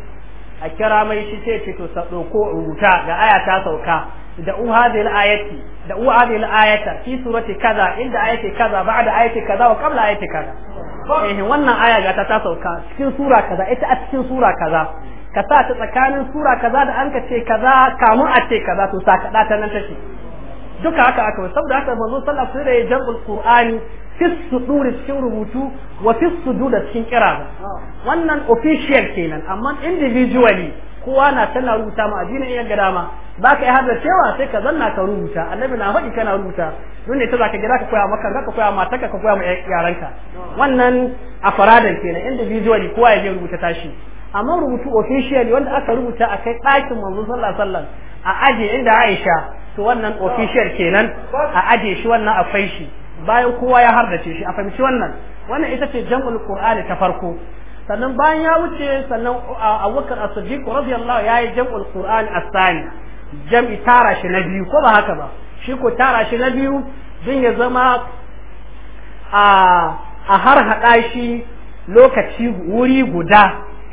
a kira mai shi sai fito sa dauko rubuta ga aya ta sauka da هذه الآية دعوا هذه الآية في سورة كذا عند kaza كذا بعد آية كذا وقبل آية كذا eh wannan aya ga ta ta sauka cikin sura kaza ita a cikin sura kaza ka sa ta tsakanin sura kaza da an ka ce kaza kamun a ce kaza to sa kada ta nan take duka haka aka saboda haka manzo sallallahu alaihi wasallam ya qur'ani fi suduri cikin rubutu wa fi sudu cikin kira wannan official kenan amma individually kowa na tana rubuta ma addinin iya ga dama ba ka yi cewa sai ka zanna ka rubuta annabi na faɗi kana rubuta don ne za ka gida ka koya maka za ka koya matarka ka koya ma yaranka wannan a faradan kenan individually kowa ya je rubuta tashi amma rubutu officially wanda aka rubuta a kai ɗakin manzon sallallahu alaihi wasallam a aje inda Aisha to wannan official kenan a aje shi wannan a shi bayan kowa ya hardace shi a fahimci wannan wannan ita ce jam'ul qur'ani ta farko sannan bayan ya wuce sannan abubakar as-siddiq radiyallahu yi jam'ul qur'ani as-sani jam'i tara shi na biyu ko ba haka ba shi ko tara shi na biyu din ya zama a a har hada shi lokaci wuri guda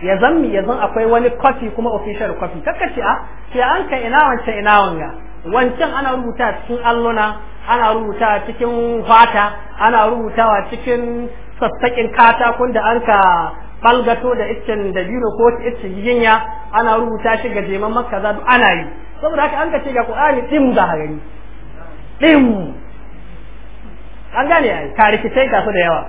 ya zammi ya zan akwai wani kwafi kuma official kwafi kakkaci a ce ah, an ka ina wancan ina wanga wancan ana rubuta cikin alluna ana rubuta cikin fata ana rubutawa cikin sassaƙin katakon da an ka balgato da iccen da biro ko iskin ginya ana rubuta shi ga jeman makaza ana yi saboda haka an ka ce ga Qur'ani din za ka din an gane ai ka rikice ka da yawa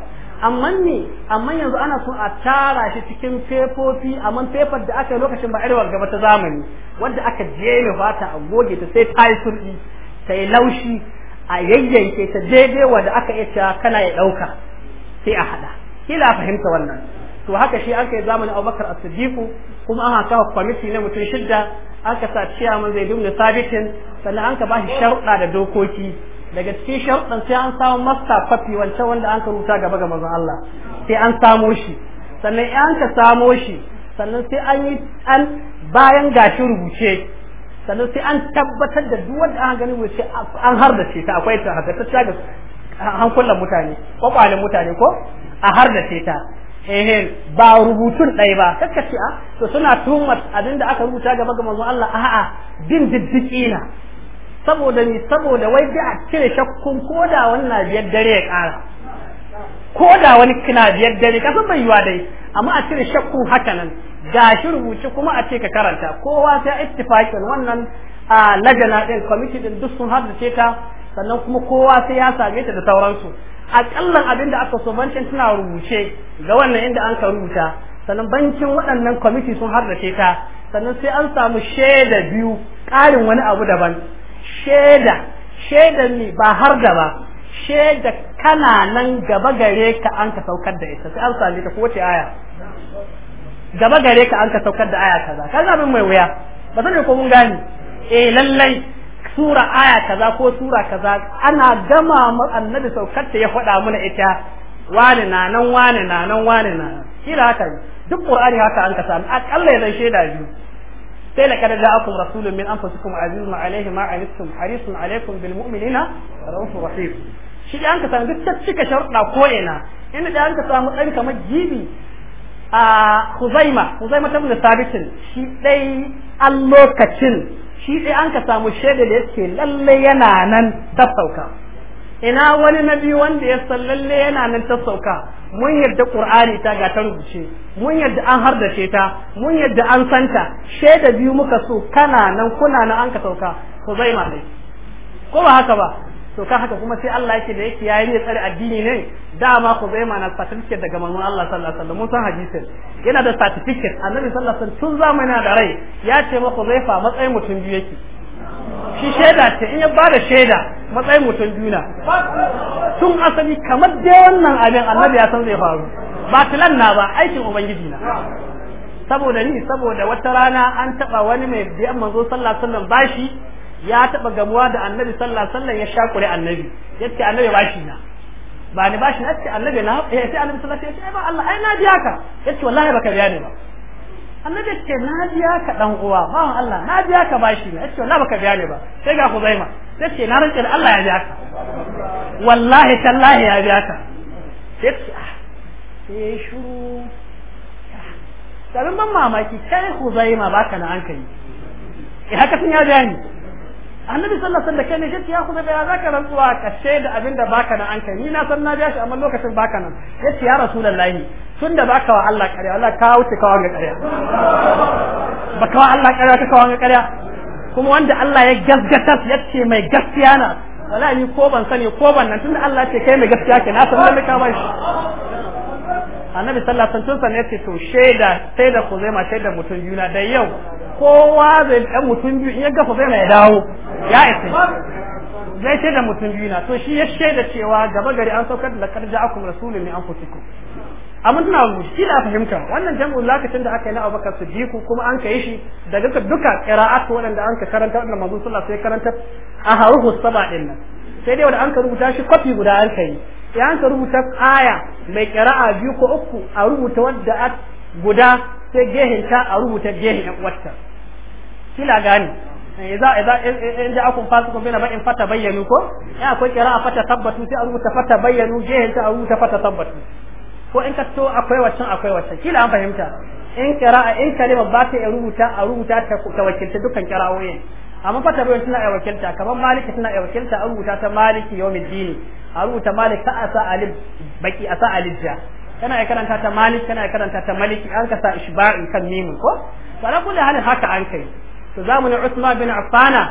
amma ni amma yanzu ana so a tara shi cikin fefofi amma fefar da aka lokacin ba irwar gaba ta zamani wanda aka jeme fata a goge ta sai ta yi surɗi ta yi laushi a yayyanke ta daidai wanda aka iya kana ya ɗauka sai a haɗa kila fahimta wannan to haka shi an kai zamanin abubakar a sadiku kuma an kawo kwamiti na mutum shidda an ka sa ciyaman zai dumna sabitin sannan an ka ba shi sharuɗa da dokoki daga cikin sharuɗan sai an samu masta kwafi wancan wanda an ka rubuta gaba ga mazan Allah sai an samo shi sannan an ka samo shi sannan sai an yi an bayan gashi rubuce sannan sai an tabbatar da duk wanda an gani rubuce an har da ce ta akwai ta haka ta hankulan mutane kwakwalin mutane ko a har da ce ta eh ba rubutun ɗaya ba kaka ce a ah, to suna tuhumar abinda aka rubuta gaba ga manzon Allah a'a bin diddiki na saboda ni saboda wai da a cire shakkun koda wannan biyar dare ya ƙara koda wani kina biyar dare kasan bai yiwa dai amma a cire shakkun haka nan gashi rubuce kuma a ce ka karanta kowa sai ittifaqin wannan a lajana din committee din duk sun ce ta sannan kuma kowa sai ya same ta da sauransu akallan abin da aka so bankin suna rubuce ga wannan inda an ka rubuta sannan bankin waɗannan kwamiti sun harrace ta sannan sai an samu shaida biyu ƙarin wani abu daban shaida shaida ne ba har da ba shaida kana nan gaba gare ka an ka saukar da ita sai an sami ta kowace aya gaba gare ka an ka saukar da aya kaza kaza abin mai wuya ba sani ko mun gani eh lallai sura aya kaza ko sura kaza ana gama mu annabi saukar ta ya faɗa mana ita wani na nan wani na nan wani na shi da haka duk qur'ani haka an ka samu akalla ya zan shaida biyu sai laqad ja'akum rasulun min anfusikum azizun alayhi ma anittum harisun alaykum bil mu'minina raufur rahim shi da an ka samu duk ta cika sharuɗa ko ina in da an ka samu ɗan kamar gibi a Huzaima Huzaima ta bin sabitin shi dai an lokacin shi dai an ka samu shaida da yake lalle yana nan ta sauka ina wani nabi wanda ya san lalle yana nan ta sauka mun yadda qur'ani ta ga ta rubuce mun yadda an hardace ta mun yadda an santa shaida biyu muka so kana nan kuna nan an ka sauka ko zai ma dai ko ba haka ba to kan haka kuma sai Allah yake da yake yayi ne tsare addini ne dama ku zai mana certificate daga manzon Allah sallallahu alaihi wasallam mun san hadisin yana da certificate annabi sallallahu alaihi wasallam tun zamanin da rai ya ce ku zai fa matsayin mutum biyu yake shi shaida ce in ya bada shaida matsayin mutum biyu na tun asali kamar dai wannan abin annabi ya san zai faru ba tilan na ba aikin ubangiji na saboda ni saboda wata rana an taba wani mai biyan manzo sallallahu alaihi wasallam bashi ya taɓa gamuwa da annabi sallah alaihi wasallam ya shakure annabi ya ce annabi bashi na ba ni bashi na ce annabi na ya ce annabi sallallahu alaihi wasallam yace ba Allah ai na biya ka yace wallahi baka biya ni ba annabi ce na biya ka dan uwa ba Allah na biya ka bashi na ya yace wallahi baka biya ni ba sai ga ya ce na rantsa da Allah ya biya ka wallahi tallahi ya biya ka ya yace ah, sai shuru sabin ban mamaki kai ba ka na hankali eh haka sun ya biya ni annabi sallallahu alaihi wasallam kai ne shi ya kuma da zaka rantsuwa kashe da abin da baka na an kai ni na san na biya shi amma lokacin baka nan yace ya rasulullahi tunda baka wa Allah kariya Allah ka wuce ka wanga kariya baka wa Allah kariya ka wanga kariya kuma wanda Allah ya gaskata yace mai gaskiya na wallahi ko ban sani ko ban nan tunda Allah ce kai mai gaskiya ke na san da ka bai annabi sallallahu alaihi wasallam ya ce to shaida sai da kuzaima shaida mutum biyu na da yau kowa zai dan mutun biyu in ya ga kuzaima ya dawo ya isa zai shaida mutun biyu na to shi ya shaida cewa gaba gari an saukar da laqad ja'akum rasulun min anfusikum amma tana shi na fahimta wannan jam'u lokacin da aka yi na Abubakar Siddiq kuma an kai shi daga duka qira'atu wanda an ka karanta wannan manzon sallallahu alaihi wasallam sai karanta a haruhu saba din nan sai dai wanda an ka rubuta shi kwafi guda an kai ya ka rubuta aya mai kira'a biyu ko uku a rubuta wadda a guda sai gehen ta a rubuta gehen yan uwarta kila gani idza eh, idza in ja akum fasiqun bina ba'in fata bayyanu ko ya akwai qira'a fata tabbatu sai a rubuta fata bayyanu gehen ta a rubuta fata tabbatu ko in ka to akwai wacan akwai wacan kila an fahimta in qira'a in kalima ba ta rubuta a rubuta ta wakilta dukkan qira'o'in amma fata bayyanu tana wakilta kamar maliki tana wakilta a rubuta ta maliki dini a rubuta malik ka asa alif baki asa alif ja kana ya karanta ta malik kana ya karanta ta maliki an ka sa ishba'in kan mimin ko fara kullu halin haka an kai to zamanin Usman bin afana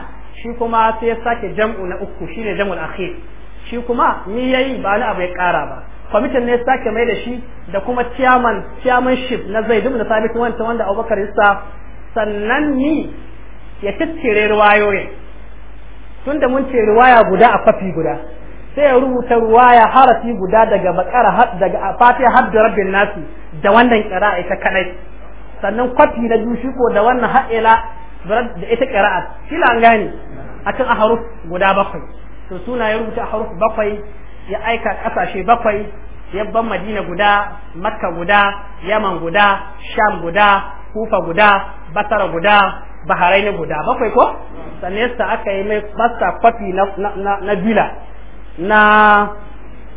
shi kuma sai ya sake jam'u na uku shine jam'ul akhir shi kuma ni yayi ba ni abu ya kara ba kwamitin ne ya sake mai da shi da kuma chairman chairmanship na Zaid ibn Thabit wanda wanda Abubakar yasa sannan ni ya tattire riwayoyin tunda mun ce riwaya guda a kwafi guda sai ya rubuta ruwaya harafi guda daga bakara daga fatiha har da rabbin nasi da wannan qira'a ita kadai sannan kwafi na biyu shi ko da wannan ha'ila da ita qira'a kila an gane cikin ahruf guda bakwai to suna ya rubuta ahruf bakwai ya aika kasashe bakwai yabban madina guda makka guda yaman guda sham guda kufa guda basara guda baharaini guda bakwai ko sannan sa aka yi mai basta kwafi na bila na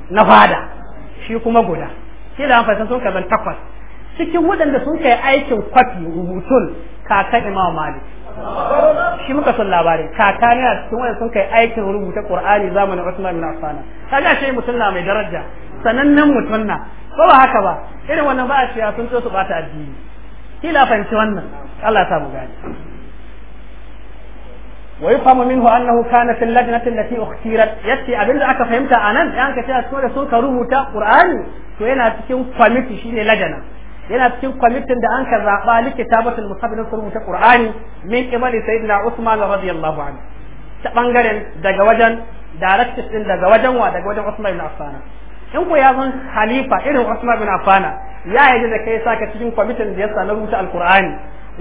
na fada shi kuma guda shi da amfani sun kai ban takwas cikin waɗanda sun kai aikin kwafi rubutun kakan imam malik shi muka son labarin kaka ne a cikin waɗanda sun kai aikin rubuta qur'ani zamanin usman bin affan kaga shi mutum na mai daraja sanannen mutum na ba ba haka ba irin wannan ba a cewa sun so su bata addini kila fahimci wannan Allah ya samu gani wa yafhamu minhu annahu kana fil lajnati allati ukhtirat yace abinda aka fahimta anan dan ka ce a cikin sun ka rubuta qur'ani to yana cikin committee shine lajana yana cikin kwamitin da an ka zaba likitabatul musabbilin rubuta qur'ani min qibali sayyidina usman radiyallahu anhu ta bangaren daga wajen directive din daga wajen wa daga wajen usman bin affan in ko ya zan khalifa irin usman bin affan ya yaji da kai saka cikin kwamitin da ya sa na rubuta alkur'ani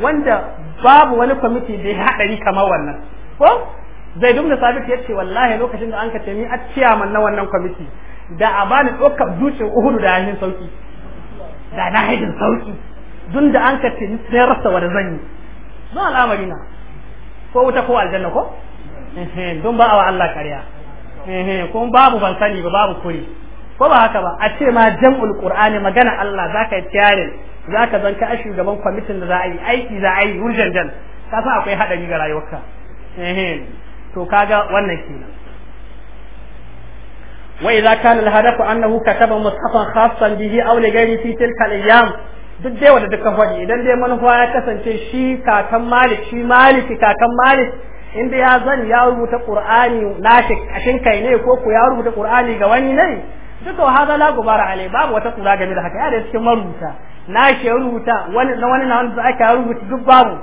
wanda babu wani kwamiti da ya haɗari kamar wannan ko zai dubna sabit ya ce wallahi lokacin da an ka ni a ciyaman na wannan kwamiti da a bani ɗaukar dutsen uhudu da yahin sauki da na haidin sauki dun da an ka ni sai rasa wa da zan yi don al'amari na ko wuta ko aljanna ko don ba wa Allah karya kuma babu ban sani ba babu kuri ko ba haka ba a ce ma jam'ul qur'ani magana Allah zaka yi tiyarin zaka zanka a shugaban kwamitin da za a yi aiki za a yi wurjanjan ka san akwai hadari ga rayuwarka eh to kaga wannan ke wa idza kana al-hadafu annahu kataba mushafan khassan bihi aw li ghairi fi tilka al duk dai wanda duka faɗi idan dai manufa ya kasance shi kakan malik shi maliki kakan malik inda ya zan ya rubuta qur'ani a kashin kai ne ko ku ya rubuta qur'ani ga wani ne duka wa hada la gubara ale babu wata tsura game da haka ya da cikin marubuta na ya rubuta wani na wani na wanda aka rubuta duk babu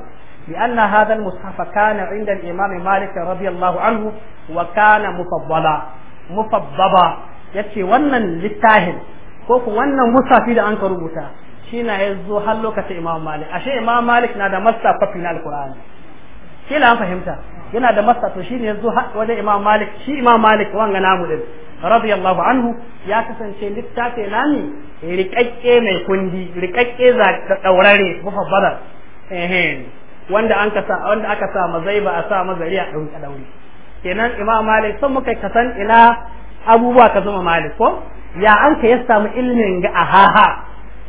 لأن هذا المصحف كان عند الإمام مالك رضي الله عنه وكان مفضلا مفضبا yace wannan littafin ko ku wannan musafi da an ka rubuta shi na ya zo har lokacin imam malik ashe imam malik na da masta kwafi alkur'ani shi na yana da masta to shi ne ya imam malik wanga namu din radiyallahu anhu ya kasance littafi na ne rikakke mai kundi rikakke za wanda an ka sa wanda aka sa mazai ba a sa mazari a dauki dauri kenan imam malik sun muka ka san ina abubuwa ka zama malik ko ya an ka ya samu ilimin ga ahaha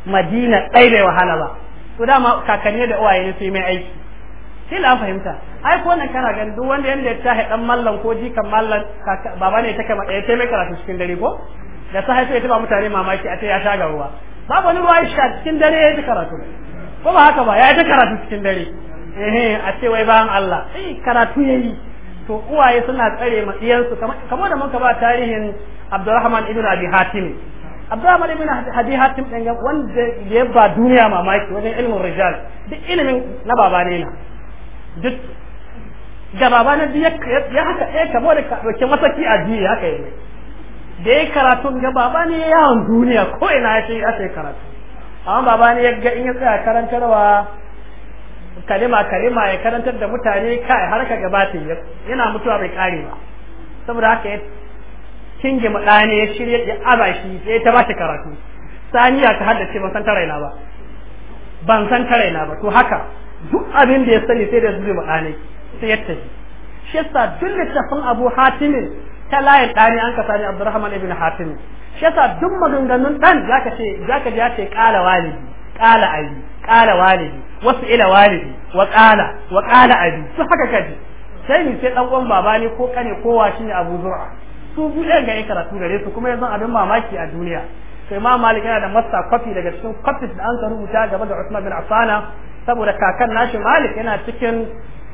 madina ɗai bai wahala ba to dama kakanni da uwaye ne sai mai aiki sai la fahimta ai ko nan kana gani duk wanda yanda ya tahe dan mallan ko jikan mallan baba ne take ya ce mai karatu cikin dare ko da sai sai ta ba mutane mamaki a ta ya shaga ruwa babu ni ruwa ya cikin dare ya ta karatu ko ba haka ba ya ta karatu cikin dare a ce wai bayan Allah eh karatu yi to uwaye suna tsare ma iyansu kamar da muka ba tarihin Abdurrahman ibn Abi Hatim Abdurrahman ibn Abi Hatim dan wanda ya ba duniya mamaki wajen ilmin rijal duk ilimin na baba ne na duk da baba na duk ya haka eh kamar da dauke masaki a duniya haka yayi da ya karatu ga baba ne yawon duniya ko ina ya ce ya karatu amma baba ne ya ga in ya tsaya karantarwa kalima kalima ya karantar da mutane kai har ka gabata yana mutuwa bai kare ba saboda haka ya kinge mu ya shirya ya abashi sai ta bashi karatu saniya ta haddace ban san tarai na ba ban san tarai na ba to haka duk abin da ya sani sai da zube mu sai ya tafi shi yasa duk littafin Abu Hatimin ta layin ɗane an ka Sani Abdurrahman ibn hatim shi yasa duk maganganun dan zaka ce zaka ji ya ce kala walidi qala abi qala walidi wasu ila walidi wa qala wa qala su haka kaji sai ni sai dan uwan baba ne ko kane kowa shine Abu Zur'a su buɗe ga karatu gare su kuma yanzu abin mamaki a duniya sai ma Malik yana da masta kwafi daga cikin kwafis da an ka rubuta gaba da Usman bin Asana saboda kakan nashi Malik yana cikin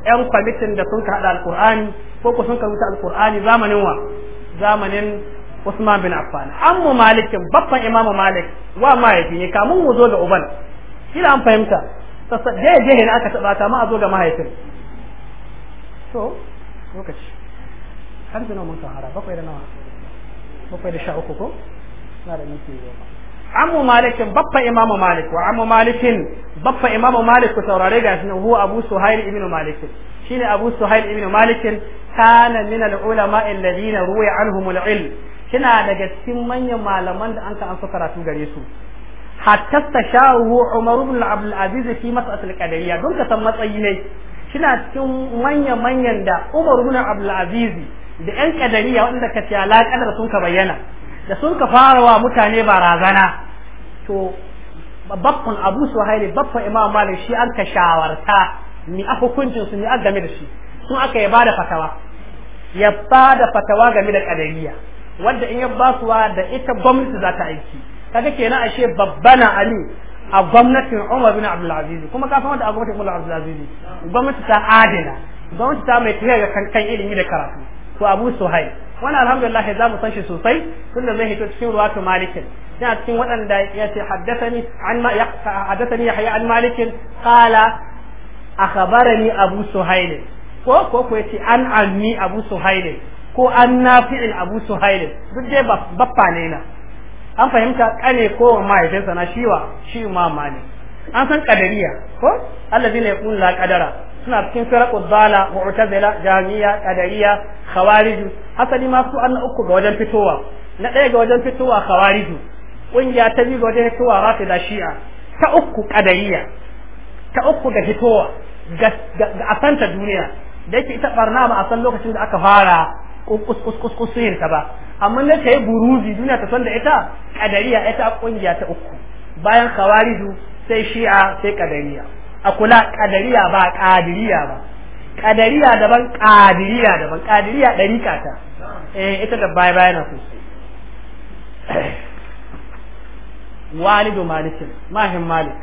yan kwamitin da sun ka hada alqur'ani ko ko sun ka rubuta alqur'ani zamanin wa zamanin Usman bin Affan ammu malikin babban imamu malik wa mahaifi ne kamun mu zo ga uban kila an fahimta sassa je je ne aka taba ma a zo ga mahaifin to lokaci har zina mun sahara bakwai da nawa bakwai da sha uku ko na da minti goma ammu malikin babban imamu malik wa ammu malikin babban imamu malik ku saurare ga shi huwa abu suhail ibn malik shine abu suhail ibn malik kana min al ulama alladhina ruwiya anhum al ilm suna daga cikin manyan malaman da an ka an so karatu gare su hatta tashawu Umar ibn Abdul Aziz fi mas'alatul qadariyya don ka san matsayi ne suna cikin manyan manyan da Umar ibn Abdul Aziz da ƴan qadariyya wanda ka ce da sun ka bayyana da sun ka fara wa mutane barazana to babban Abu Suhaili babban Imam Malik shi an ka shawarta ni a hukuncin su ni a game da shi sun aka ya da fatawa ya da fatawa game da qadariyya wanda in ya basuwa da ita gwamnati za ta aiki kaga kenan ashe babbana ali a gwamnatin Umar bin Abdul Aziz kuma ka fama da a gwamnatin Umar Abdul Aziz gwamnati ta adila gwamnati ta mai tafiya ga kankan ilimi da karatu to Abu Suhail wani alhamdulillah za mu san shi sosai da zai hito cikin ruwatu malikin yana cikin waɗanda ya ce haddathani an ma haddathani yahya an malikin qala akhbarani abu suhail ko ko ko yace an ammi abu suhail ko an nafi'in abu suhailin duk dai baffa ne na an fahimta kane ko mahaifinsa na shiwa shi ma ne an san kadariya ko Allah ne ya la kadara suna cikin firqu dala mu'tazila jami'a kadariya khawariju asali ma su an uku ga wajen fitowa na ɗaya ga wajen fitowa khawariju kungiya ta biyu ga wajen fitowa rafida shi'a ta uku kadariya ta uku ga fitowa ga asanta duniya da yake ita barna ba a san lokacin da aka fara ko kuskus kus sihir ta ba amma na ta yi buruzi duniya ta son da ita kadariya ita kungiya ta uku bayan khawarizu sai shi'a sai kadariya a kula kadariya ba kadiriya ba kadariya daban kadiriya daban kadiriya dariƙa ta eh ita da baya na ku walidu malikin mahim malik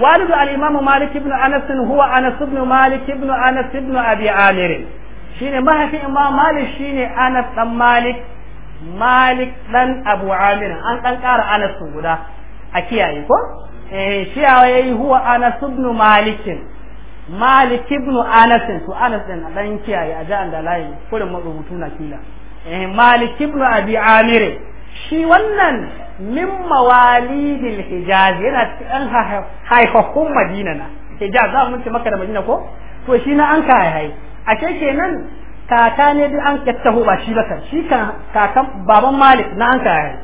والد الإمام مالك بن أنس هو أنس بن مالك بن أنس بن أبي عامر شين ما في إمام مالك شين أنس بن مالك مالك بن أبو عامر أن أنكر أنس غدا أكيا يكو إيه شيء هو أنس بن مالك مالك بن أنس تو أنس بن أبي عامر أجا عند لاي كل ما ربطونا كلا مالك بن أبي عامر shi wannan min mawalidil hijaz yana cikin haihahun madina na hijaz za mu ce maka da madina ko to shi na an kai hai ashe kenan kaka ne duk an kattaho ba shi bakar shi kan kakan baban malik na an kai hai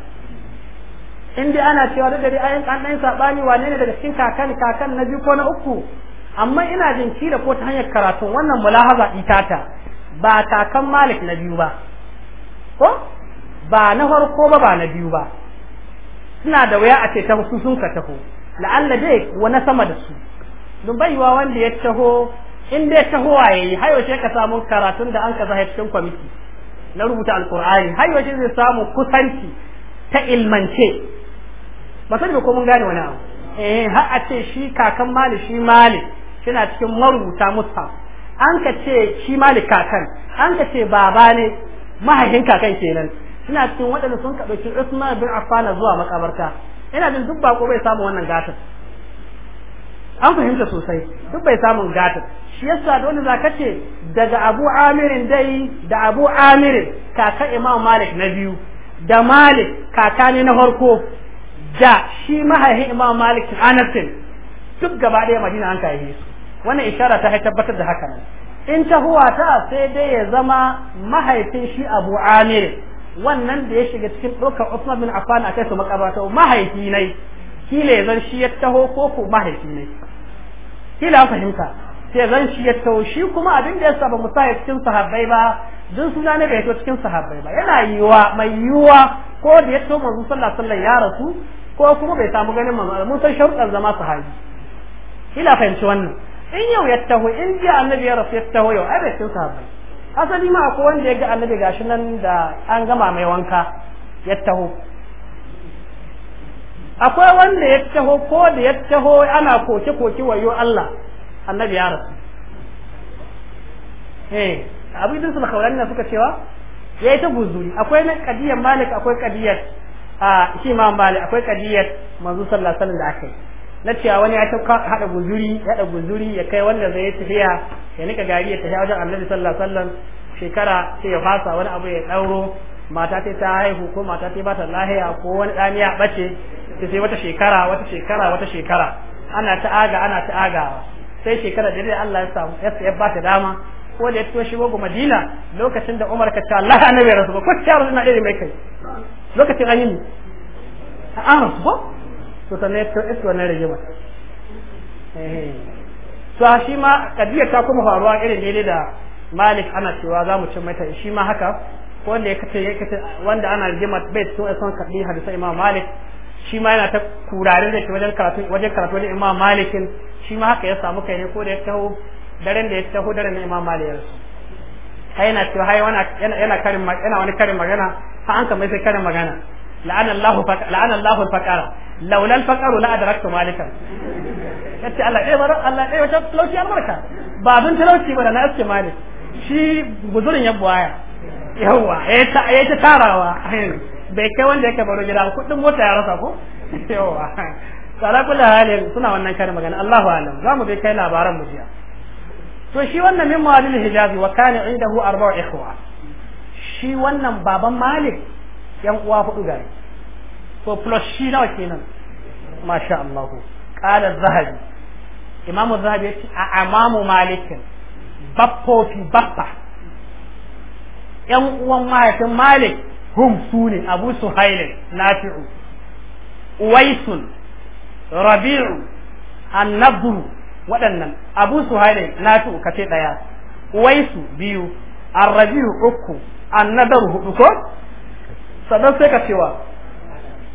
in dai ana cewa da dare ayin an dan sabani wane ne daga cikin kakan kakan na biyu ko na uku amma ina jin kila ko ta hanyar karatu wannan mulahaza itata ba kakan malik na biyu ba ko ba na farko ba ba na biyu ba suna da waya a ce ta su sun ka taho la'alla dai wani sama da su don baiwa wanda ya taho in dai taho waye hayo ce ka samu karatun da an ka zahe cikin kwamiti na rubuta alqur'ani hayo ce zai samu kusanci ta ilmance ba sai ko mun gane wani abu eh ha a ce shi kakan mali shi mali kina cikin marubuta musa an ka ce shi mali kakan an ka ce baba ne mahaifin kakan kenan suna cikin waɗanda sun ka ɗauki Usman bin Affan zuwa makabarta ina jin duk bako bai samu wannan gatar an fahimta sosai duk bai samun gatar shi yasa da wani zaka daga Abu Amirin dai da Abu Amirin kaka Imam Malik na biyu da Malik kaka ne na farko da shi mahaifin Imam Malik Anas duk gaba ɗaya Madina an kai su wannan ishara ta tabbatar da haka nan in ta huwa ta sai dai ya zama mahaifin shi Abu Amir wannan da ya shiga cikin ɗaukar Usman bin Affan akai su makabarta mahaifi ne kila zan shi ya taho ko ko mahaifi ne kila fahimta sai zan shi ya taho shi kuma abin da ya saba musaya cikin sahabbai ba jin suna ne bai to cikin sahabbai ba yana yiwa mai yiwa ko da ya taho manzo sallallahu alaihi ya rasu ko kuma bai samu ganin manzo mun san sharuɗan zama sahabi kila fahimci wannan in yau ya taho in ji annabi ya rasu ya taho yau ai bai cikin sahabbai asali ma akwai wanda ya ga annabi gashi nan da an gama mai wanka ya taho akwai wanda ya taho ko da ya taho ana koke koke wayo Allah annabi ya rasu eh abu idris al-khawlani na suka cewa yayi ta guzuri akwai na qadiyar malik akwai qadiyar a ah, shi ma malik akwai qadiyar manzo sallallahu alaihi wasallam da aka yi na cewa wani ya tafka hada guzuri hada guzuri ya kai wanda zai tafiya ya nika gari ya tafiya wajen annabi sallallahu alaihi wasallam shekara sai ya fasa wani abu ya dauro mata ta ta haihu ko mata ta bata lahiya ko wani dani ya bace sai wata shekara wata shekara wata shekara ana ta aga ana ta agawa sai shekara da Allah ya samu ya ba ta dama ko da ya fito shigo ga Madina lokacin da Umar ka ce Allah annabi rasul ko ta rasul na dare mai kai lokacin an yi an to sannan ya iska wannan rigimar to shi ma kadiyar ta kuma faruwa irin ne da malik ana cewa za mu cin mata shi ma haka wanda ya kace ya kace wanda ana mata bai cikin wasan kaddi hadisa imam malik shi ma yana ta kurarin da shi wajen karatu wajen karatu da imam malikin shi ma haka ya samu kai ne ko da ya taho daren da ya taho daren na imam malik ya rasu kai yana cewa hai yana yana karin yana wani karin magana ha an kamar sai karin magana la'ana Allahu la'ana Allahu al-faqara laulal faqaru la adraktu malikan yace Allah ɗaya mara Allah ɗaya wata talauci albarka ba abin talauci ba da na aske malik shi guzurin ya buwaya Yawa ya ta tarawa bai kai wanda yake baro gida kuɗin mota ya rasa ko yawa. tsara kula halin suna wannan karin magana Allahu alam za mu bai kai labaran mu jiya to shi wannan min mawalil hijazi wa kana indahu arba'u ikhwa shi wannan baban malik yan uwa hudu gari to plus shi nawa kenan masha Allah qala zahabi imam zahabi yace a amamu malikin fi bappa. yan uwan mahaifin malik hum sune abu suhail nafi'u uwaisun rabi'u annabru waɗannan abu suhail nafi'u kace daya uwaisu biyu arrabi'u uku annadaru hudu ko Sadan sai ka cewa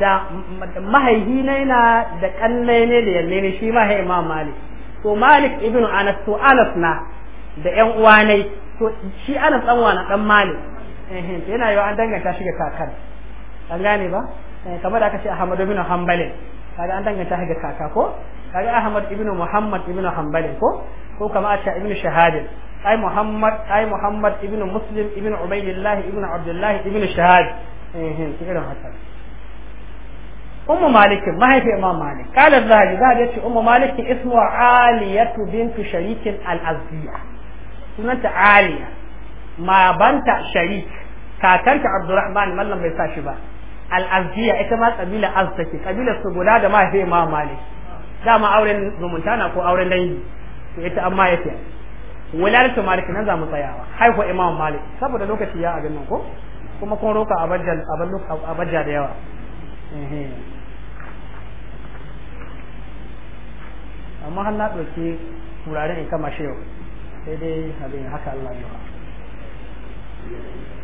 da mahaihi ne na da kalle ne da yalle ne shi mahai imam malik to malik ibn anas to anas na da yan uwa ne to shi anas dan wa na dan malik eh yana yau an danganta shi ga kakar an gane ba eh, kamar da aka ce ahmad ibn hanbal kaga an danganta shi ga kaka ko kaga ahmad ibn muhammad ibn hanbal ko ko kamar a ce ibn shahad ai muhammad ai muhammad ibn muslim ibn ubaydillah ibn abdullah ibn shahad eh eh irin haka Uma malik mahaifi imam malik kala zahabi zahabi yace ummu malik ismu aliyatu bintu sharikin al sunanta aliya ma banta sharik kakanta abdurrahman mallam bai sa shi ba al-azdiya ita ma kabila az take kabila su guda da mahaifi imam malik dama auren zumunta na ko auren dangi to ita amma yace wulalatu malik nan za mu tsayawa haihu imam malik saboda lokaci ya a ganin kuma kun roka abajjal abajjal da yawa amma har na ɗauki wuraren in kama shi yau sai dai abin haka Allah ya